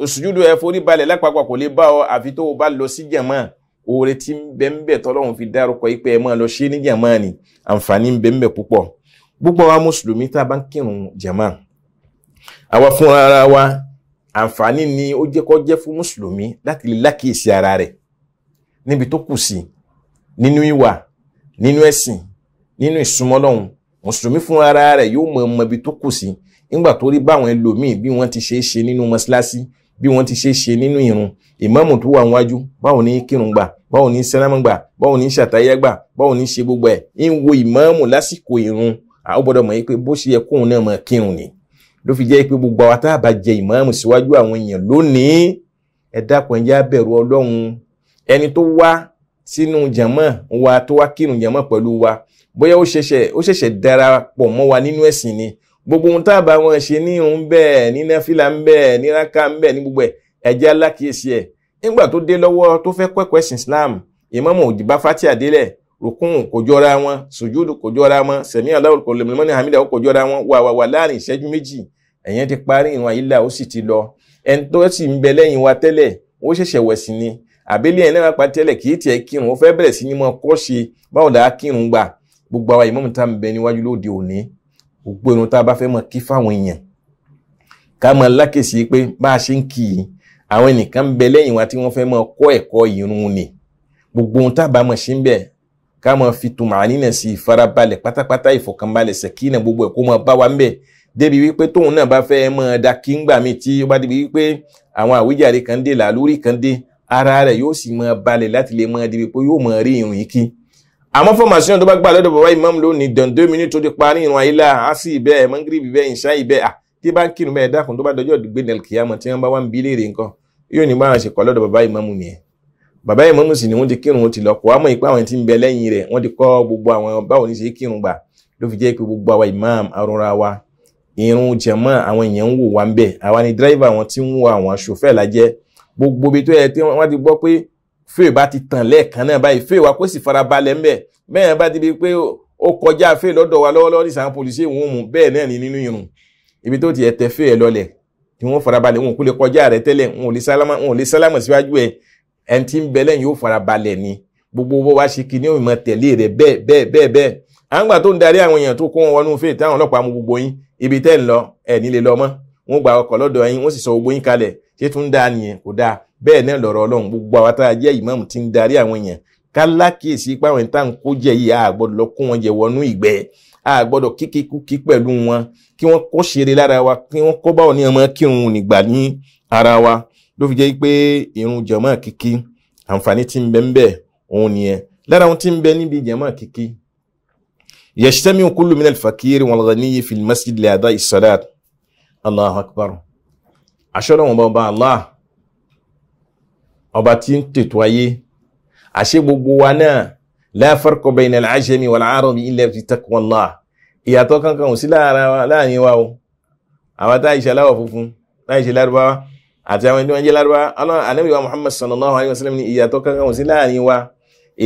òṣùjúdù ẹ forí balẹ̀ lápapọ̀ kò lè bá ọ àfi tó o bá lọ sí jẹ̀mọ́ oore tí ń bẹ ń bẹ tọ́lọ́run fi dárúkọ yí pé ẹ máa lọ ṣe ní jẹ̀mọ́ ni àǹfààní ń bẹ ń bẹ púpọ̀ púpọ̀ wa mùsùlùmí tá a àwa fúnra ara wa àǹfààní ni ó jẹ́ kó jẹ́ fún mùsùlùmí láti lè lákìísí ara rẹ̀ níbi tó kù sí nínú ìwà nínú ẹ̀sìn nínú ìsúnmọ́lọ́hún mùsùlùmí fúnra ara rẹ̀ yóò mọ ọmọ ibi tó kù sí nígbà tó rí báwọn ẹlòmíì bí wọ́n ti ṣe é ṣe nínú mọ́ṣáláṣí bí wọ́n ti ṣe ṣe nínú ìrun ìmáàmù tó wà wájú báwo ní kírun gbà báwo ní sẹ́lámù gbà báwo ní ṣàtàyà gbà báwo ní ṣe gbogbo ẹ̀ ń wo ìmáàmù lásìkò ìrun àwọn gbọ́dọ̀ mọ̀ yí pé bó ṣe yẹ kóun náà mọ̀ kírun ni ló fi jẹ́ pé gbogbo àwọn tá a bá jẹ ìmáàmù síwájú àwọn èèyàn lónìí ẹ dákun bẹ̀rù ọlọ́run ẹni tó wá sínú jàmọ́ wa tó wá kírun jàmọ́ pẹ̀lú wa bóyá ó ṣẹ̀ṣẹ̀ ó ṣẹ̀ṣẹ̀ mọ́ wa nínú ẹ̀sìn ni gbogbo ohun tá a bá wọn ṣe ní irun bẹ́ẹ̀ ní náfìlà ń bẹ́ẹ̀ ní rákà ń bẹ́ẹ̀ ní gbogbo ẹ̀ ẹ jẹ́ ẹ̀ nígbà tó dé lọ́wọ́ tó fẹ́ kọ́kọ́ Islam ìmáàmù òjìbá fati àdélẹ̀ rukun kò jọra wọn sùjúdù kò jọra wọn sẹ̀mí aláwọ̀ kò lè mọ́ni hamida kò jọra wọn wà wà wà láàrin ìṣẹ́jú méjì ẹ̀yẹn ti parí ìrun àyílà ó sì ti lọ ẹni tó sì ń bẹ lẹ́yìn wa tẹ́lẹ̀ ó ṣẹ̀ṣẹ̀ wẹ̀sì ni àbẹ́lẹ̀ ẹ̀ náà pa tẹ́lẹ̀ kì í tiẹ̀ kírun ó fẹ́ bẹ̀rẹ̀ sí ní mọ́ kọ́ ṣe báwo làá kírun gbà gbogbo àwa ìmáàmù tá à ń bẹ níwájú lóde òní gbogbo ìrun tá a bá fẹ́ mọ̀ kí fáwọn èèyàn ká mọ̀ lákèsí pé bá a ṣe ń kì í àwọn ẹnìkan ń bẹ lẹ́yìn wa tí wọ́n fẹ́ mọ́ kọ́ ẹ̀kọ́ ìrun ni gbogbo ohun tá a bá mọ̀ ṣe ń bẹ̀ ká mọ̀ fi tùmọ̀ àní náà sí ìfarabalẹ̀ pátápátá ìfọ̀kànbalẹ̀ sẹ̀kí náà gbogbo ẹ̀kọ́ mọ̀ bá wa ń bẹ̀ débi wípé tóun náà bá fẹ́ mọ́ ọ da kí ń gbà mí tí ó bá débi wípé àwọn àwíjàre kan dé làlórí kan dé ara rẹ̀ yóò sì mọ́ ọ balẹ̀ láti lè mọ́ ọ débi pé yóò mọ́ ọ rí irun yìí kí. àmọ́ fọ́màṣí náà tó bá gbà lọ́dọ̀ bàbá imam lónìí dandan mi ní tó ti parí irun àyílá àásì bẹ́ẹ̀ mọ́ngírìbì bẹ́ẹ̀ ìṣá ìbẹ́ à tí bá ń kírun bẹ́ẹ̀ dákun tó bá dọjọ́ gbẹ̀dẹ̀ kìyàmọ̀ tí wọ́n bá wá ń bí léèrè nǹkan yóò ní báwọn ṣe kọ́ lọ́dọ̀ bàbá imam nìyẹn bàbá imam sì ni wọ́n ti imam arúnra wa irun jẹ̀mọ́ àwọn èèyàn ń wò wá ń bẹ̀ àwa ni dírẹ́fà wọn ti ń wo àwọn aṣòfẹ́ lajẹ́ gbogbo ibi tó yẹ tí wọ́n ti gbọ́ pé fèè bá ti tàn lẹ́ẹ̀kan náà báyìí fèè wa kó sì fara balẹ̀ ń bẹ̀ bẹ́ẹ̀ bá ti di pé ó kọjá fèè lọ́dọ̀ wa lọ́wọ́lọ́wọ́ nísàn polisi òun mú bẹ́ẹ̀ náà ní nínú irun ibi tó ti yẹ tẹ fèè lọlẹ̀ tí wọ́n fara balẹ̀ wọn kò lè kọjá rẹ tẹ́lẹ̀ wọn ò lè sálámà síwájú ẹ ẹni tí ń bẹ yóò fara balẹ̀ ni gbogbo bó wá ṣe kí ni òun mọ̀ tẹ̀lé rẹ bẹ́ẹ̀ bẹ́ẹ̀ bẹ́ẹ̀ bẹ́ẹ̀ à ń gbà tó ń darí àwọn èèyàn tó kó wọn wọnú fèè táwọn ọlọ́pàá mú gbogbo yín ibi tẹ́ ń lọ ẹ̀ nílé lọ mọ́ wọ́n gba ọkọ̀ lọ́dọ̀ yín wọ́n sì sọ gbogbo yín kalẹ̀ ṣé tún dáa nìyẹn kò dáa bẹ́ẹ̀ náà lọ̀rọ̀ ọlọ́run gbogbo àwọn tá a jẹ́ ìmáàmù ti ń darí àwọn èèyàn kálákìsí páwọn ẹni tá à ń kó jẹ yìí a gbọ́dọ̀ lọ kó wọn jẹ wọnú ìgbẹ́ a gbọ́dọ̀ kíkíkúkí pẹ̀lú wọn kí wọ́n kó ṣeré lára wa kí wọ́n kó báwọn ní ọmọ kírun nígbà ní ara wa ló fi jẹ́ pé irun jọ̀mọ́ kíkí àǹfààní ti ń bẹ ń bẹ òun nìyẹn lára ohun ti ń bẹ níbi jọ̀mọ́ kíkí yajtami'u kullu min al-fakir wal-ghani fi al-masjid li ada'i as-salat Allahu akbar aṣọ́rọ̀ wọn bá Allah ọba tí ń tètò ayé àṣẹ gbogbo wa náà la farqa bayna al-ajami wal-arabi illa fi taqwa Allah ìyàtọ̀ kankan ò sí láàrin wa o àwọn táyì ṣe aláwọ̀ funfun táyì ṣe lárúbáwá àti àwọn ẹni jẹ́ lárúbáwá ọlọ́run anábìwá Muhammad sallallahu alayhi wa sallam ní ìyàtọ̀ kankan ò sí láàrin wa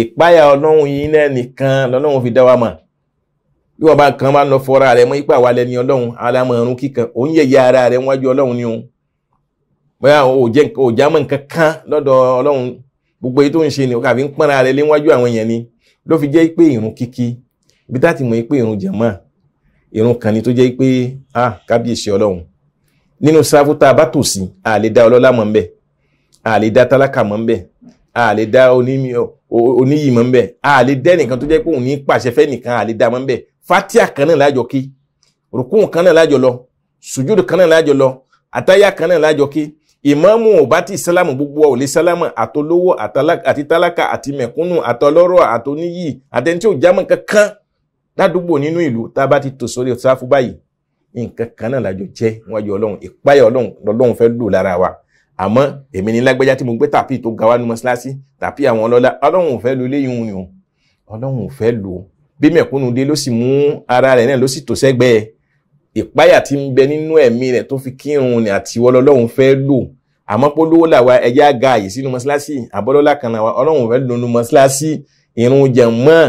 ìpáyà ọlọ́run yìí náà nìkan lọ́lọ́run fi dá wa mọ̀ bí wọn bá kan bá lọ fọra rẹ mọ ipa wa lẹni Ọlọ́run alámọrun kíkan òun yẹ̀yẹ́ ara rẹ wájú Ọlọ́run ni òun bóyá òjá mọ nǹkan kan lọ́dọ̀ Ọlọ́run gbogbo èyí tó ń ṣe ni kàfi ń pọnra rẹ léwájú àwọn èèyàn ni ló fi jẹ́ pé ìrun kíkí ibi tá ti mọ̀ pé ìrun jẹ̀mọ́ ìrun kan ni tó jẹ́ pé a kábíyèsí Ọlọ́run nínú sáfù tá a bá tò sí a lè dá ọlọ́lá mọ̀ ńbẹ̀ a lè dá tálákà mọ̀ ńbẹ̀ a lè dá oníyì mọ̀ ńbẹ̀ a lè dẹ́nìkan tó jẹ́ pé òun ní pàṣẹ fẹ́ nìkan a lè dá mọ̀ ńbẹ̀ fatia kan náà lájọ kí rukun kan náà lájọ lọ sùjúdù kan náà lájọ lọ àtàyà kan náà lájọ kí ìmáàmù ọba tí sálámù gbogbo ọ̀lẹ́ sálámù àtolówó àti tálákà àti mẹ̀kúnnù àtọlọ́rọ̀ àtoníyì àtẹni tí ò jámọ́ kankan ládùúgbò nínú ìlú tá a bá ti tò sórí sáfù báyìí nǹkan kan náà lájọ jẹ́ níwájú ọlọ́run ìpáyà ọlọ́run lọ́lọ́run fẹ́ lò lára wa àmọ́ èmi ní lágbájá tí mo gbé tàpí tó ga ní mọ́ṣáláṣí tàpí àwọn ọlọ́lá ọlọ́run ò fẹ́ lo òun ni o ọlọ́run ò fẹ́ lo bí mẹ̀kúnnù dé ló sì mú ara rẹ̀ náà ló sì tò sẹ́gbẹ̀ẹ́ ìpáyà tí ń bẹ nínú ẹ̀mí rẹ̀ tó fi kírun ni àti wọ́n lọ́lọ́run fẹ́ lò àmọ́ polówó làwa ẹja ga àyè sínú mọ́ṣáláṣí àbọ́lọ́lá kan náà ọlọ́run fẹ́ lónú mọ́ṣáláṣí ìrun jẹ̀mọ́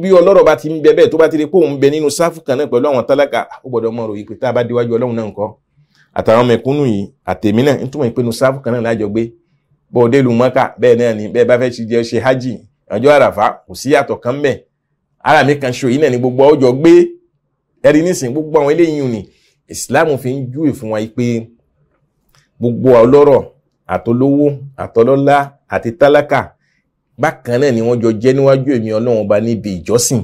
bí ọlọ́rọ̀ bá ti ń bẹ bẹ́ẹ̀ tó bá ti rí pé òun bẹ nínú sáfù kan náà pẹ̀lú àwọn tálákà ó gbọ́dọ̀ mọ̀ pé tá a bá déwájú ọlọ́run náà nǹkan àtàwọn mẹ̀kúnnù yìí àtẹ̀mí náà nítorí wọn ìpinnu sáfù kan náà lájọ gbé bọ́ọ̀dẹ́lù mọ́kà bẹ́ẹ̀ náà ni bẹ́ẹ̀ bá fẹ́ ṣe jẹ́ ṣe hájì ọjọ́ àràfà kò sí yàtọ̀ kan bẹ́ẹ̀ ara mi kan ṣòyí náà ni gbogbo ọjọ́ gbé ẹ̀rí nísìnyí gbogbo àwọn eléyìí ni Islam fi ń júwe fún wa pé gbogbo ọlọ́rọ̀ àtolówó àtọlọ́lá àti tálákà bákan náà ni wọ́n jọ jẹ́ níwájú èmi ọlọ́run ọba níbi ìjọsìn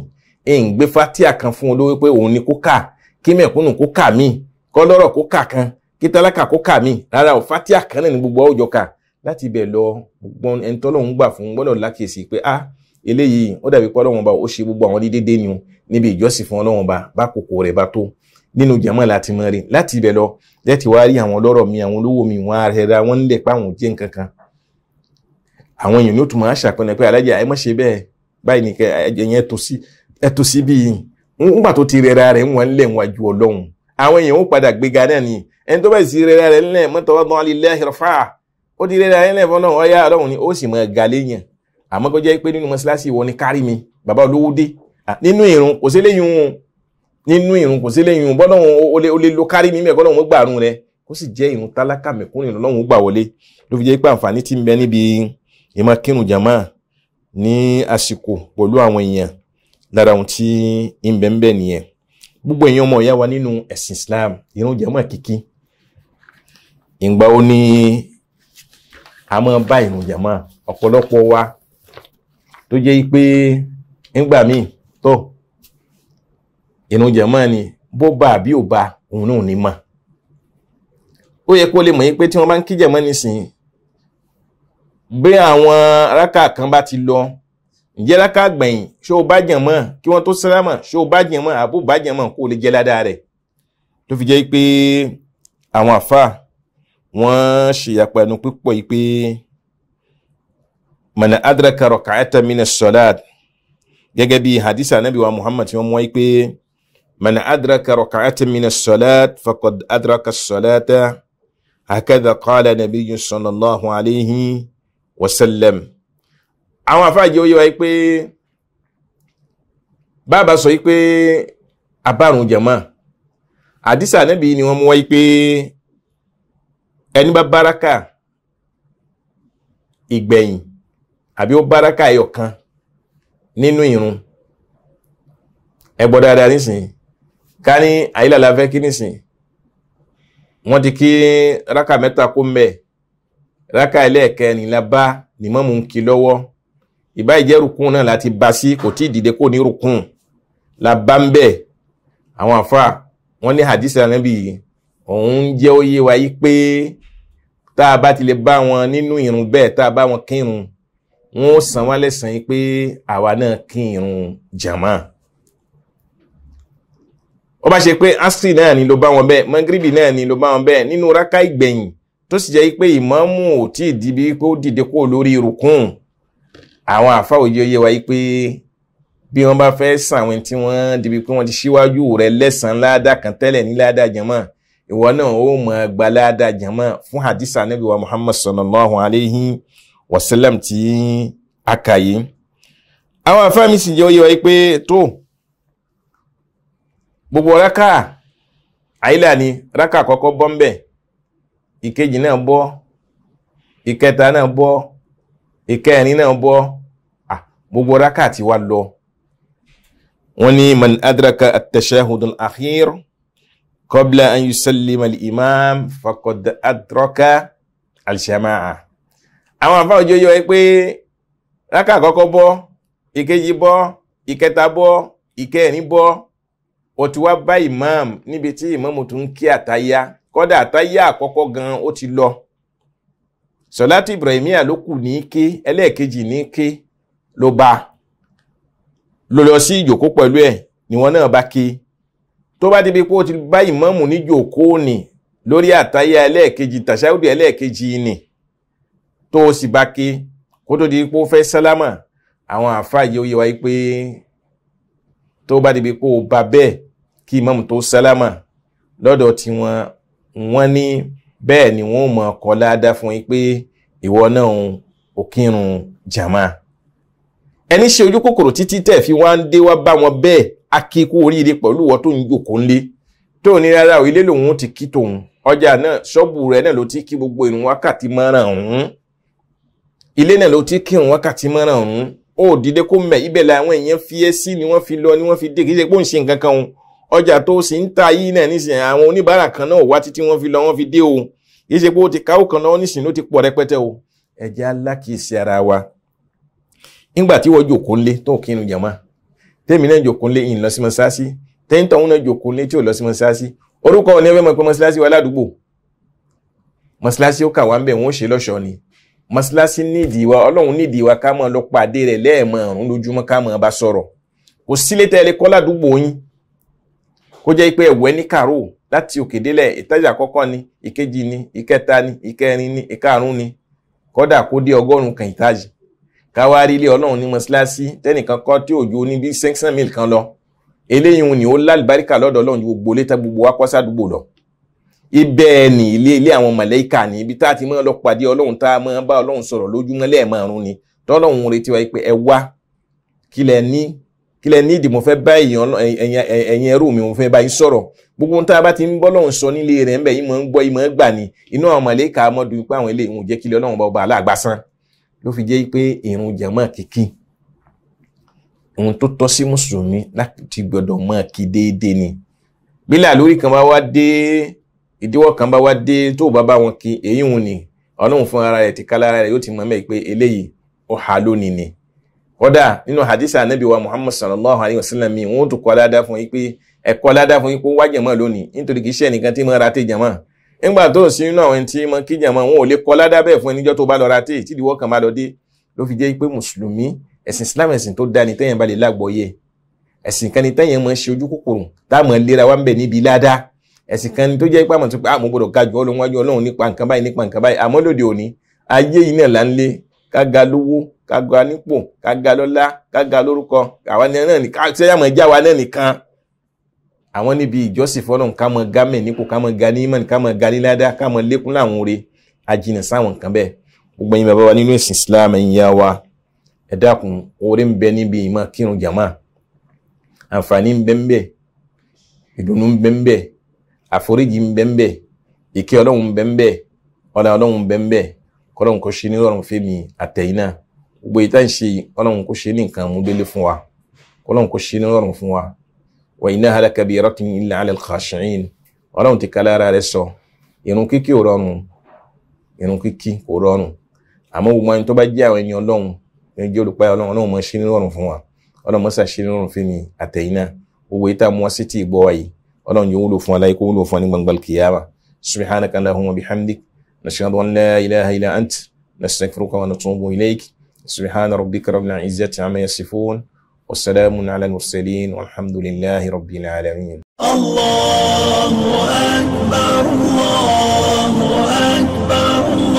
ń gbé fatia kan fún olówó pé òun ni kó kà kí mẹ̀kúnnù kó kà mí kọ́lọ́rọ̀ kó kà kan kí tálákà kó kà mí rárá ò fatia kan náà ni gbogbo ọjọ́ kà láti ibẹ̀ lọ gbọ́n ẹni tọ́lọ́run gbà fún gbọ́dọ̀ lákìsí pé ah eléyìí ó dàbí pé ọlọ́run ọba ó ṣe gbogbo àwọn dídédé ni o níbi ìjọsìn fún ọlọ́run ọba bá kòkò rẹ̀ bá tó nínú jẹ̀mọ́ láti mọ rí láti ibẹ̀ lọ lẹ́tì wá rí àwọn ọlọ́rọ̀ mi àwọn olówó mi wọn àrẹ̀ra wọn nílẹ̀ pé àwọn jẹ́ nǹkan kan àwọn èèyàn ní ó tún máa ṣàpẹẹrẹ pé alájà ẹ má ṣe bẹ́ẹ̀ báyìí nìkan ẹ̀yìn ẹ̀tọ́ sí bíi ńgbà tó ti rẹ̀ra rẹ̀ wọn lẹ̀ wọn ju ọlọ́run àwọn èèyàn ó padà gbéga náà ni ẹni tó báyìí sí rẹ̀ra rẹ̀ ńlẹ̀ mọ́tò ọ̀dọ́ alẹ́ rẹ̀ fà ó ti rẹ̀ra rẹ̀ ńlẹ̀ fọ́nà ọ̀yá ọlọ́run ni ó sì mọ̀ gàléyàn àmọ́ kó jẹ́ pé nínú mọ́ṣáláṣí ìwọ ni kárí mi bàbá olówó dé nínú ìrun kò sí léyìn òun nínú ìrun kò sí léyìn òun bọ́dọ̀ o lè lo kárí mi mẹ́ bọ́dọ̀ òun gbàrún rẹ kó sì jẹ́ ìrun tálákà mẹ́kúnrin lọ́lọ́run gbà wọlé ló fi jẹ́ pé àǹfààní ti ń bẹ níbi ìmọ̀ kírun jàmáà ní àsìkò pẹ̀lú àwọn èèyàn lára ohun tí ń bẹ ń bẹ nìyẹn gbogbo èèyàn ọmọ ìyá wa nínú ẹ̀sìn Islam ìrun jàmáà kíkí ìgbà ó ní a máa bá ìrun jàmáà ọ̀pọ̀lọpọ̀ wa tó jẹ́ pé nígbà míì tó ìrun jẹ̀mọ́ ni bó ba àbí ò ba òun náà ní mọ̀ ó yẹ kó lè mọ̀ yín pé tí wọ́n bá ń kí jẹ̀mọ́ nísìnyí bí àwọn rákà kan bá ti lọ ǹjẹ́ rákà gbẹ̀yìn ṣó o bá jẹ̀mọ́ kí wọ́n tó sálámà ṣó o bá jẹ̀mọ́ àbó bá jẹ̀mọ́ kó o lè jẹ́ ládàá rẹ̀ tó fi jẹ́ pé àwọn àfáà wọ́n ṣèyàpẹ̀nu pípọ̀ yìí pé. من أدرك rọ̀kàtà من الصلاة gẹ́gẹ́ bí hadisa anabi wa muhammad tí wọ́n mú wáyé pé mọ̀nà adraka rọ̀kàtà mina sọ̀láàt fakọ̀d adraka sọ̀láàtà akadà kọ́lá nabiyyu sallallahu alayhi wa sallam. àwọn afáàjì ó yẹ wáyé pé bàbá sọ yìí pé abárùn jama hadisa anabi ni wọ́n mú wáyé pé ẹni bá baraka ìgbẹ̀yìn àbí ó báraka ẹyọ kan nínú ìrun ẹ gbọ́ dáadáa nísìnyí ká ní àyílàlà fẹ́ kí nísìnyí wọ́n ti kí rákà mẹ́ta kó mbẹ́ rákà ẹlẹ́ẹ̀kẹrin la bá nímọ̀mù ń kí lọ́wọ́ ìbá ìjẹ́ rukun náà láti bá sí kò tí ì dìde kó ní rukun la bá ń bẹ̀ àwọn àfa wọ́n ní hadith anabi òun jẹ́ ó yé wa yí pé tá a bá ti lè bá wọn nínú ìrun bẹ́ẹ̀ tá a bá wọn kírun wọn ó san wá lẹ́sàn yìí pé àwa náà kí irun jàmá ó bá ṣe pé asri náà ni ló bá wọn bẹ́ẹ̀ mangiribi náà ni ló bá wọn bẹ́ẹ̀ nínú raka ìgbẹ̀yìn tó sì jẹ́ pé ìmáàmù ò tí ì dìbí kó dìde kó lórí rukun àwọn àfa òye oyé wa yìí pé bí wọ́n bá fẹ́ san àwọn tí wọ́n dìbí pé wọ́n ti ṣíwájú rẹ̀ lẹ́sàn-án ládàá kan tẹ́lẹ̀ ní ládàá jàmá ìwọ náà ó mọ̀ gbaládàá jàmá fún hadisa muhammad sallallahu alayhi wasalam tí a kà yìí àwọn afáàmì sì jẹ́ oyè wáyé pé tó gbogbo rákà àyílà ni rákà àkọ́kọ́ bọ́ ńbẹ̀ ìkejì náà bọ́ ìkẹta náà bọ́ ìkẹrin náà bọ́ gbogbo rákà tí wá lọ wọ́n ní man adraka at akhir qabla an yusallima al-imam faqad adraka al-jama'a àwọn àfáà òjò yọ pé rákà àkọ́kọ́ bọ́ ìkejì bọ́ ìkẹta bọ́ ìkẹrin bọ́ ó ti wá bá imam níbi tí imam tún ń kí àtáyá kọ́dà àtáyá àkọ́kọ́ gan ó ti lọ sọláàtì ibrahimiya ló kù ní ké ẹlẹ́ẹ̀kejì ní ké ló bá ló lọ sí ìjòkó pẹ̀lú ẹ̀ níwọ̀n náà bá ké tó bá débi pé ó ti bá imam ní jòkó ni lórí àtáyá ẹlẹ́ẹ̀kejì tàṣáwùdì ẹlẹ́ẹ̀kejì ni tó o sì bá ké kó tó di pé ó fẹ́ sálámà àwọn àáfàá yìí ó yẹ wáyé pé tó bá débi pé o bá bẹ́ẹ̀ kí imam tó sálámà lọ́dọ̀ tiwọn wọ́n ní bẹ́ẹ̀ ni wọ́n mọ̀ ọkọ̀ ládàá fún yín pé ìwọ náà ò kírun jàmá ẹni ṣe ojú kòkòrò títí tẹ̀ fi wá ń dé wá bá wọn bẹ́ẹ̀ akíkú oríire pẹ̀lú ìwọ tó ń jòkó ńlé tó ní rárá ilé lòun ti kí tòun ọjà náà ṣọ́ọ̀bù rẹ̀ náà ló ti kí gbogbo ìrun wákàtí márùn-ún ilé náà ló ti kírun wákàtí mọ́ràn ọ̀hún ó dìde kó mẹ̀ ibẹ̀ la àwọn èèyàn fi ẹ́ sí ni wọ́n fi lọ ni wọ́n fi dé kì í ṣe pé ó ń ṣe nǹkan kan òun ọjà tó sì ń ta yìí náà nísìnyí àwọn oníbàárà kan náà wá títí wọ́n fi lọ wọ́n fi dé o kì í ṣe pé ó ti káwó kan náà nísìnyí ló ti pọ̀ rẹpẹtẹ o ẹ̀jẹ̀ alákìísí ara wa nígbà tí wọ́n jòkó lé tó kí irun jàmá tẹ́mi náà jòkó lé ìyìn sí mọ́sáàsì tẹ́ńtọ̀ ń mọ́ṣáláṣí nídìí wa ọlọ́run nídìí wa ká máa lọ pàdé rẹ̀ lẹ́ẹ̀mọ̀ọ́rùn lójúmọ́ ká máa bá sọ̀rọ̀ kò sílé tẹ́lẹ̀ kọ́ ládùúgbò yín kó jẹ́ pé ẹ̀wẹ́ ní kàró láti òkè délẹ̀ ìtajà àkọ́kọ́ ni ìkejì ni ìkẹta ni ìkẹrin ni ìkarùn ni kọ́dà kó dé ọgọ́rùn kan ìtajì káwá rí ilé ọlọ́run ní mọ́ṣáláṣí tẹ́nìkan kọ́ tí òjò ní bí sẹ́ńsẹ́n mil kan lọ eléyìí ni ó lálùbáríkà lọ́dọ̀ ọlọ́run gbogbo létà gbogbo wa kọ́sádùgbò lọ ibẹ̀ ni ilé ilé àwọn màláíkà ni ibi tá a ti máa lọ pàdé ọlọ́run tá a máa bá ọlọ́run sọ̀rọ̀ lójúmọ́ lẹ́ẹ̀márùn ni tọ́lọ́run retí wa pé ẹ wá kí lẹ ní kí lẹ ní ìdí mo fẹ́ bá ẹ̀yin ẹrú mi mo fẹ́ bá yín sọ̀rọ̀ gbogbo tá a bá ti ń bọ́ lọ́run sọ nílé rẹ̀ ńbẹ̀ yín mọ̀ ń gbọ́ yín mọ̀ ń gbà ní inú àwọn màláíkà mọ́dún pé àwọn eléyìí ń jẹ́ kí ọlọ́run bá ọba aláàgbásán ló fi jẹ́ pé bílà lórí kan bá wá dé ìdíwọ́ kan bá wá dé tó bá bá wọn kí èyí wọn ni ọlọ́run fún ara rẹ̀ ti ká lára rẹ̀ yóò ti mọ̀ mẹ́ pé eléyìí ó ha lónìí ni kódà nínú hadith anabi wa muhammad sallallahu alayhi wa sallam mi wọn tún kọ́ aládá fún yín pé ẹ̀kọ́ aládá fún yín pé ó wá jẹ̀mọ́ lónìí nítorí kì í ṣe ẹnìkan tí mo ra tè jẹ̀mọ́ nígbà tó sí nínú àwọn tí mo kí jẹ̀mọ́ wọn ò lè kọ́ aládá bẹ́ẹ̀ fún ẹnìjọ́ tó bá lọ ra tè tí ìdíwọ́ kan bá lọ dé ló fi jẹ́ pé mùsùlùmí ẹ̀sìn islam ẹ̀sìn tó dáa ni tẹ́yìn bá lè lágbọ́yé ẹ̀sìn kan ni tẹ́yìn mọ̀ ṣe ojú kòkòrò táwọn lera wa ń bẹ̀ níbi ládàá ẹ̀sìn kan ni tó jẹ́ ipá mọ̀tún pé àmọ́ ah, gbọ́dọ̀ ga jù ọlọ́run wájú ọlọ́run nípa nǹkan báyìí nípa nǹkan báyìí àmọ́ lóde òní ayé yìí náà là ń lé ká ga lówó ká ga nípò ká ga lọ́lá ká ga lórúkọ àwa náà ní ká sẹ́yà mọ̀ jáwa náà nìkan àwọn níbi ìjọsìn fọlọ́run ká mọ̀ ga mẹ́ nípò ká mọ̀ ga mọ̀ ká mọ̀ ga ládá ká mọ̀ lékún láwọn oore ajìnà sáwọn nǹkan bẹ́ẹ̀ gbogbo yín bàbá wa nínú ẹ̀sìn Islam ẹ̀yin yá wa ẹ dákun oore ń bẹ níbi ìmọ̀ kírun jàmá àǹfààní ń bẹ ń bẹ ìdùnnú ń bẹ ń bẹ àforíjì ń bẹ ń bẹ ìkẹ́ ọlọ́run ń bẹ ń bẹ ọlá ọlọ́run ń bẹ ń bẹ kọ́lọ́run kò ṣe ní ọlọ́run fẹ́mi àtẹ̀yìn náà gbogbo ìta ń ṣe ọlọ́run kò ṣe ní nǹkan múdélé fún wa kọ́lọ́run kò ṣe ní ọlọ́run fún wa wa innaha lakabiratun illa ala al-khashi'in ọlọ́run ti kálá ara rẹ sọ irun kíkí ò rọrùn irun kíkí kò rọrùn àmọ́ gbogbo ẹni tó bá jẹ́ àwọn ẹni ọlọ́run ẹni jẹ́ olùpáyà ọlọ́run ọlọ́run mọ̀ ṣe ní ọlọ́run fún wa ọlọ́run mọ̀ ṣàṣe ní ọlọ́run fún mi àtẹ̀yìn gbogbo ìta mú sí ti ìgbọ́ wa ولن يولف ولا يقول فن من القيامة سبحانك اللهم وبحمدك نشهد أن لا إله إلا أنت نستغفرك ونتوب إليك سبحان ربك رب العزة عما يصفون والسلام على المرسلين والحمد لله رب العالمين الله أكبر الله أكبر الله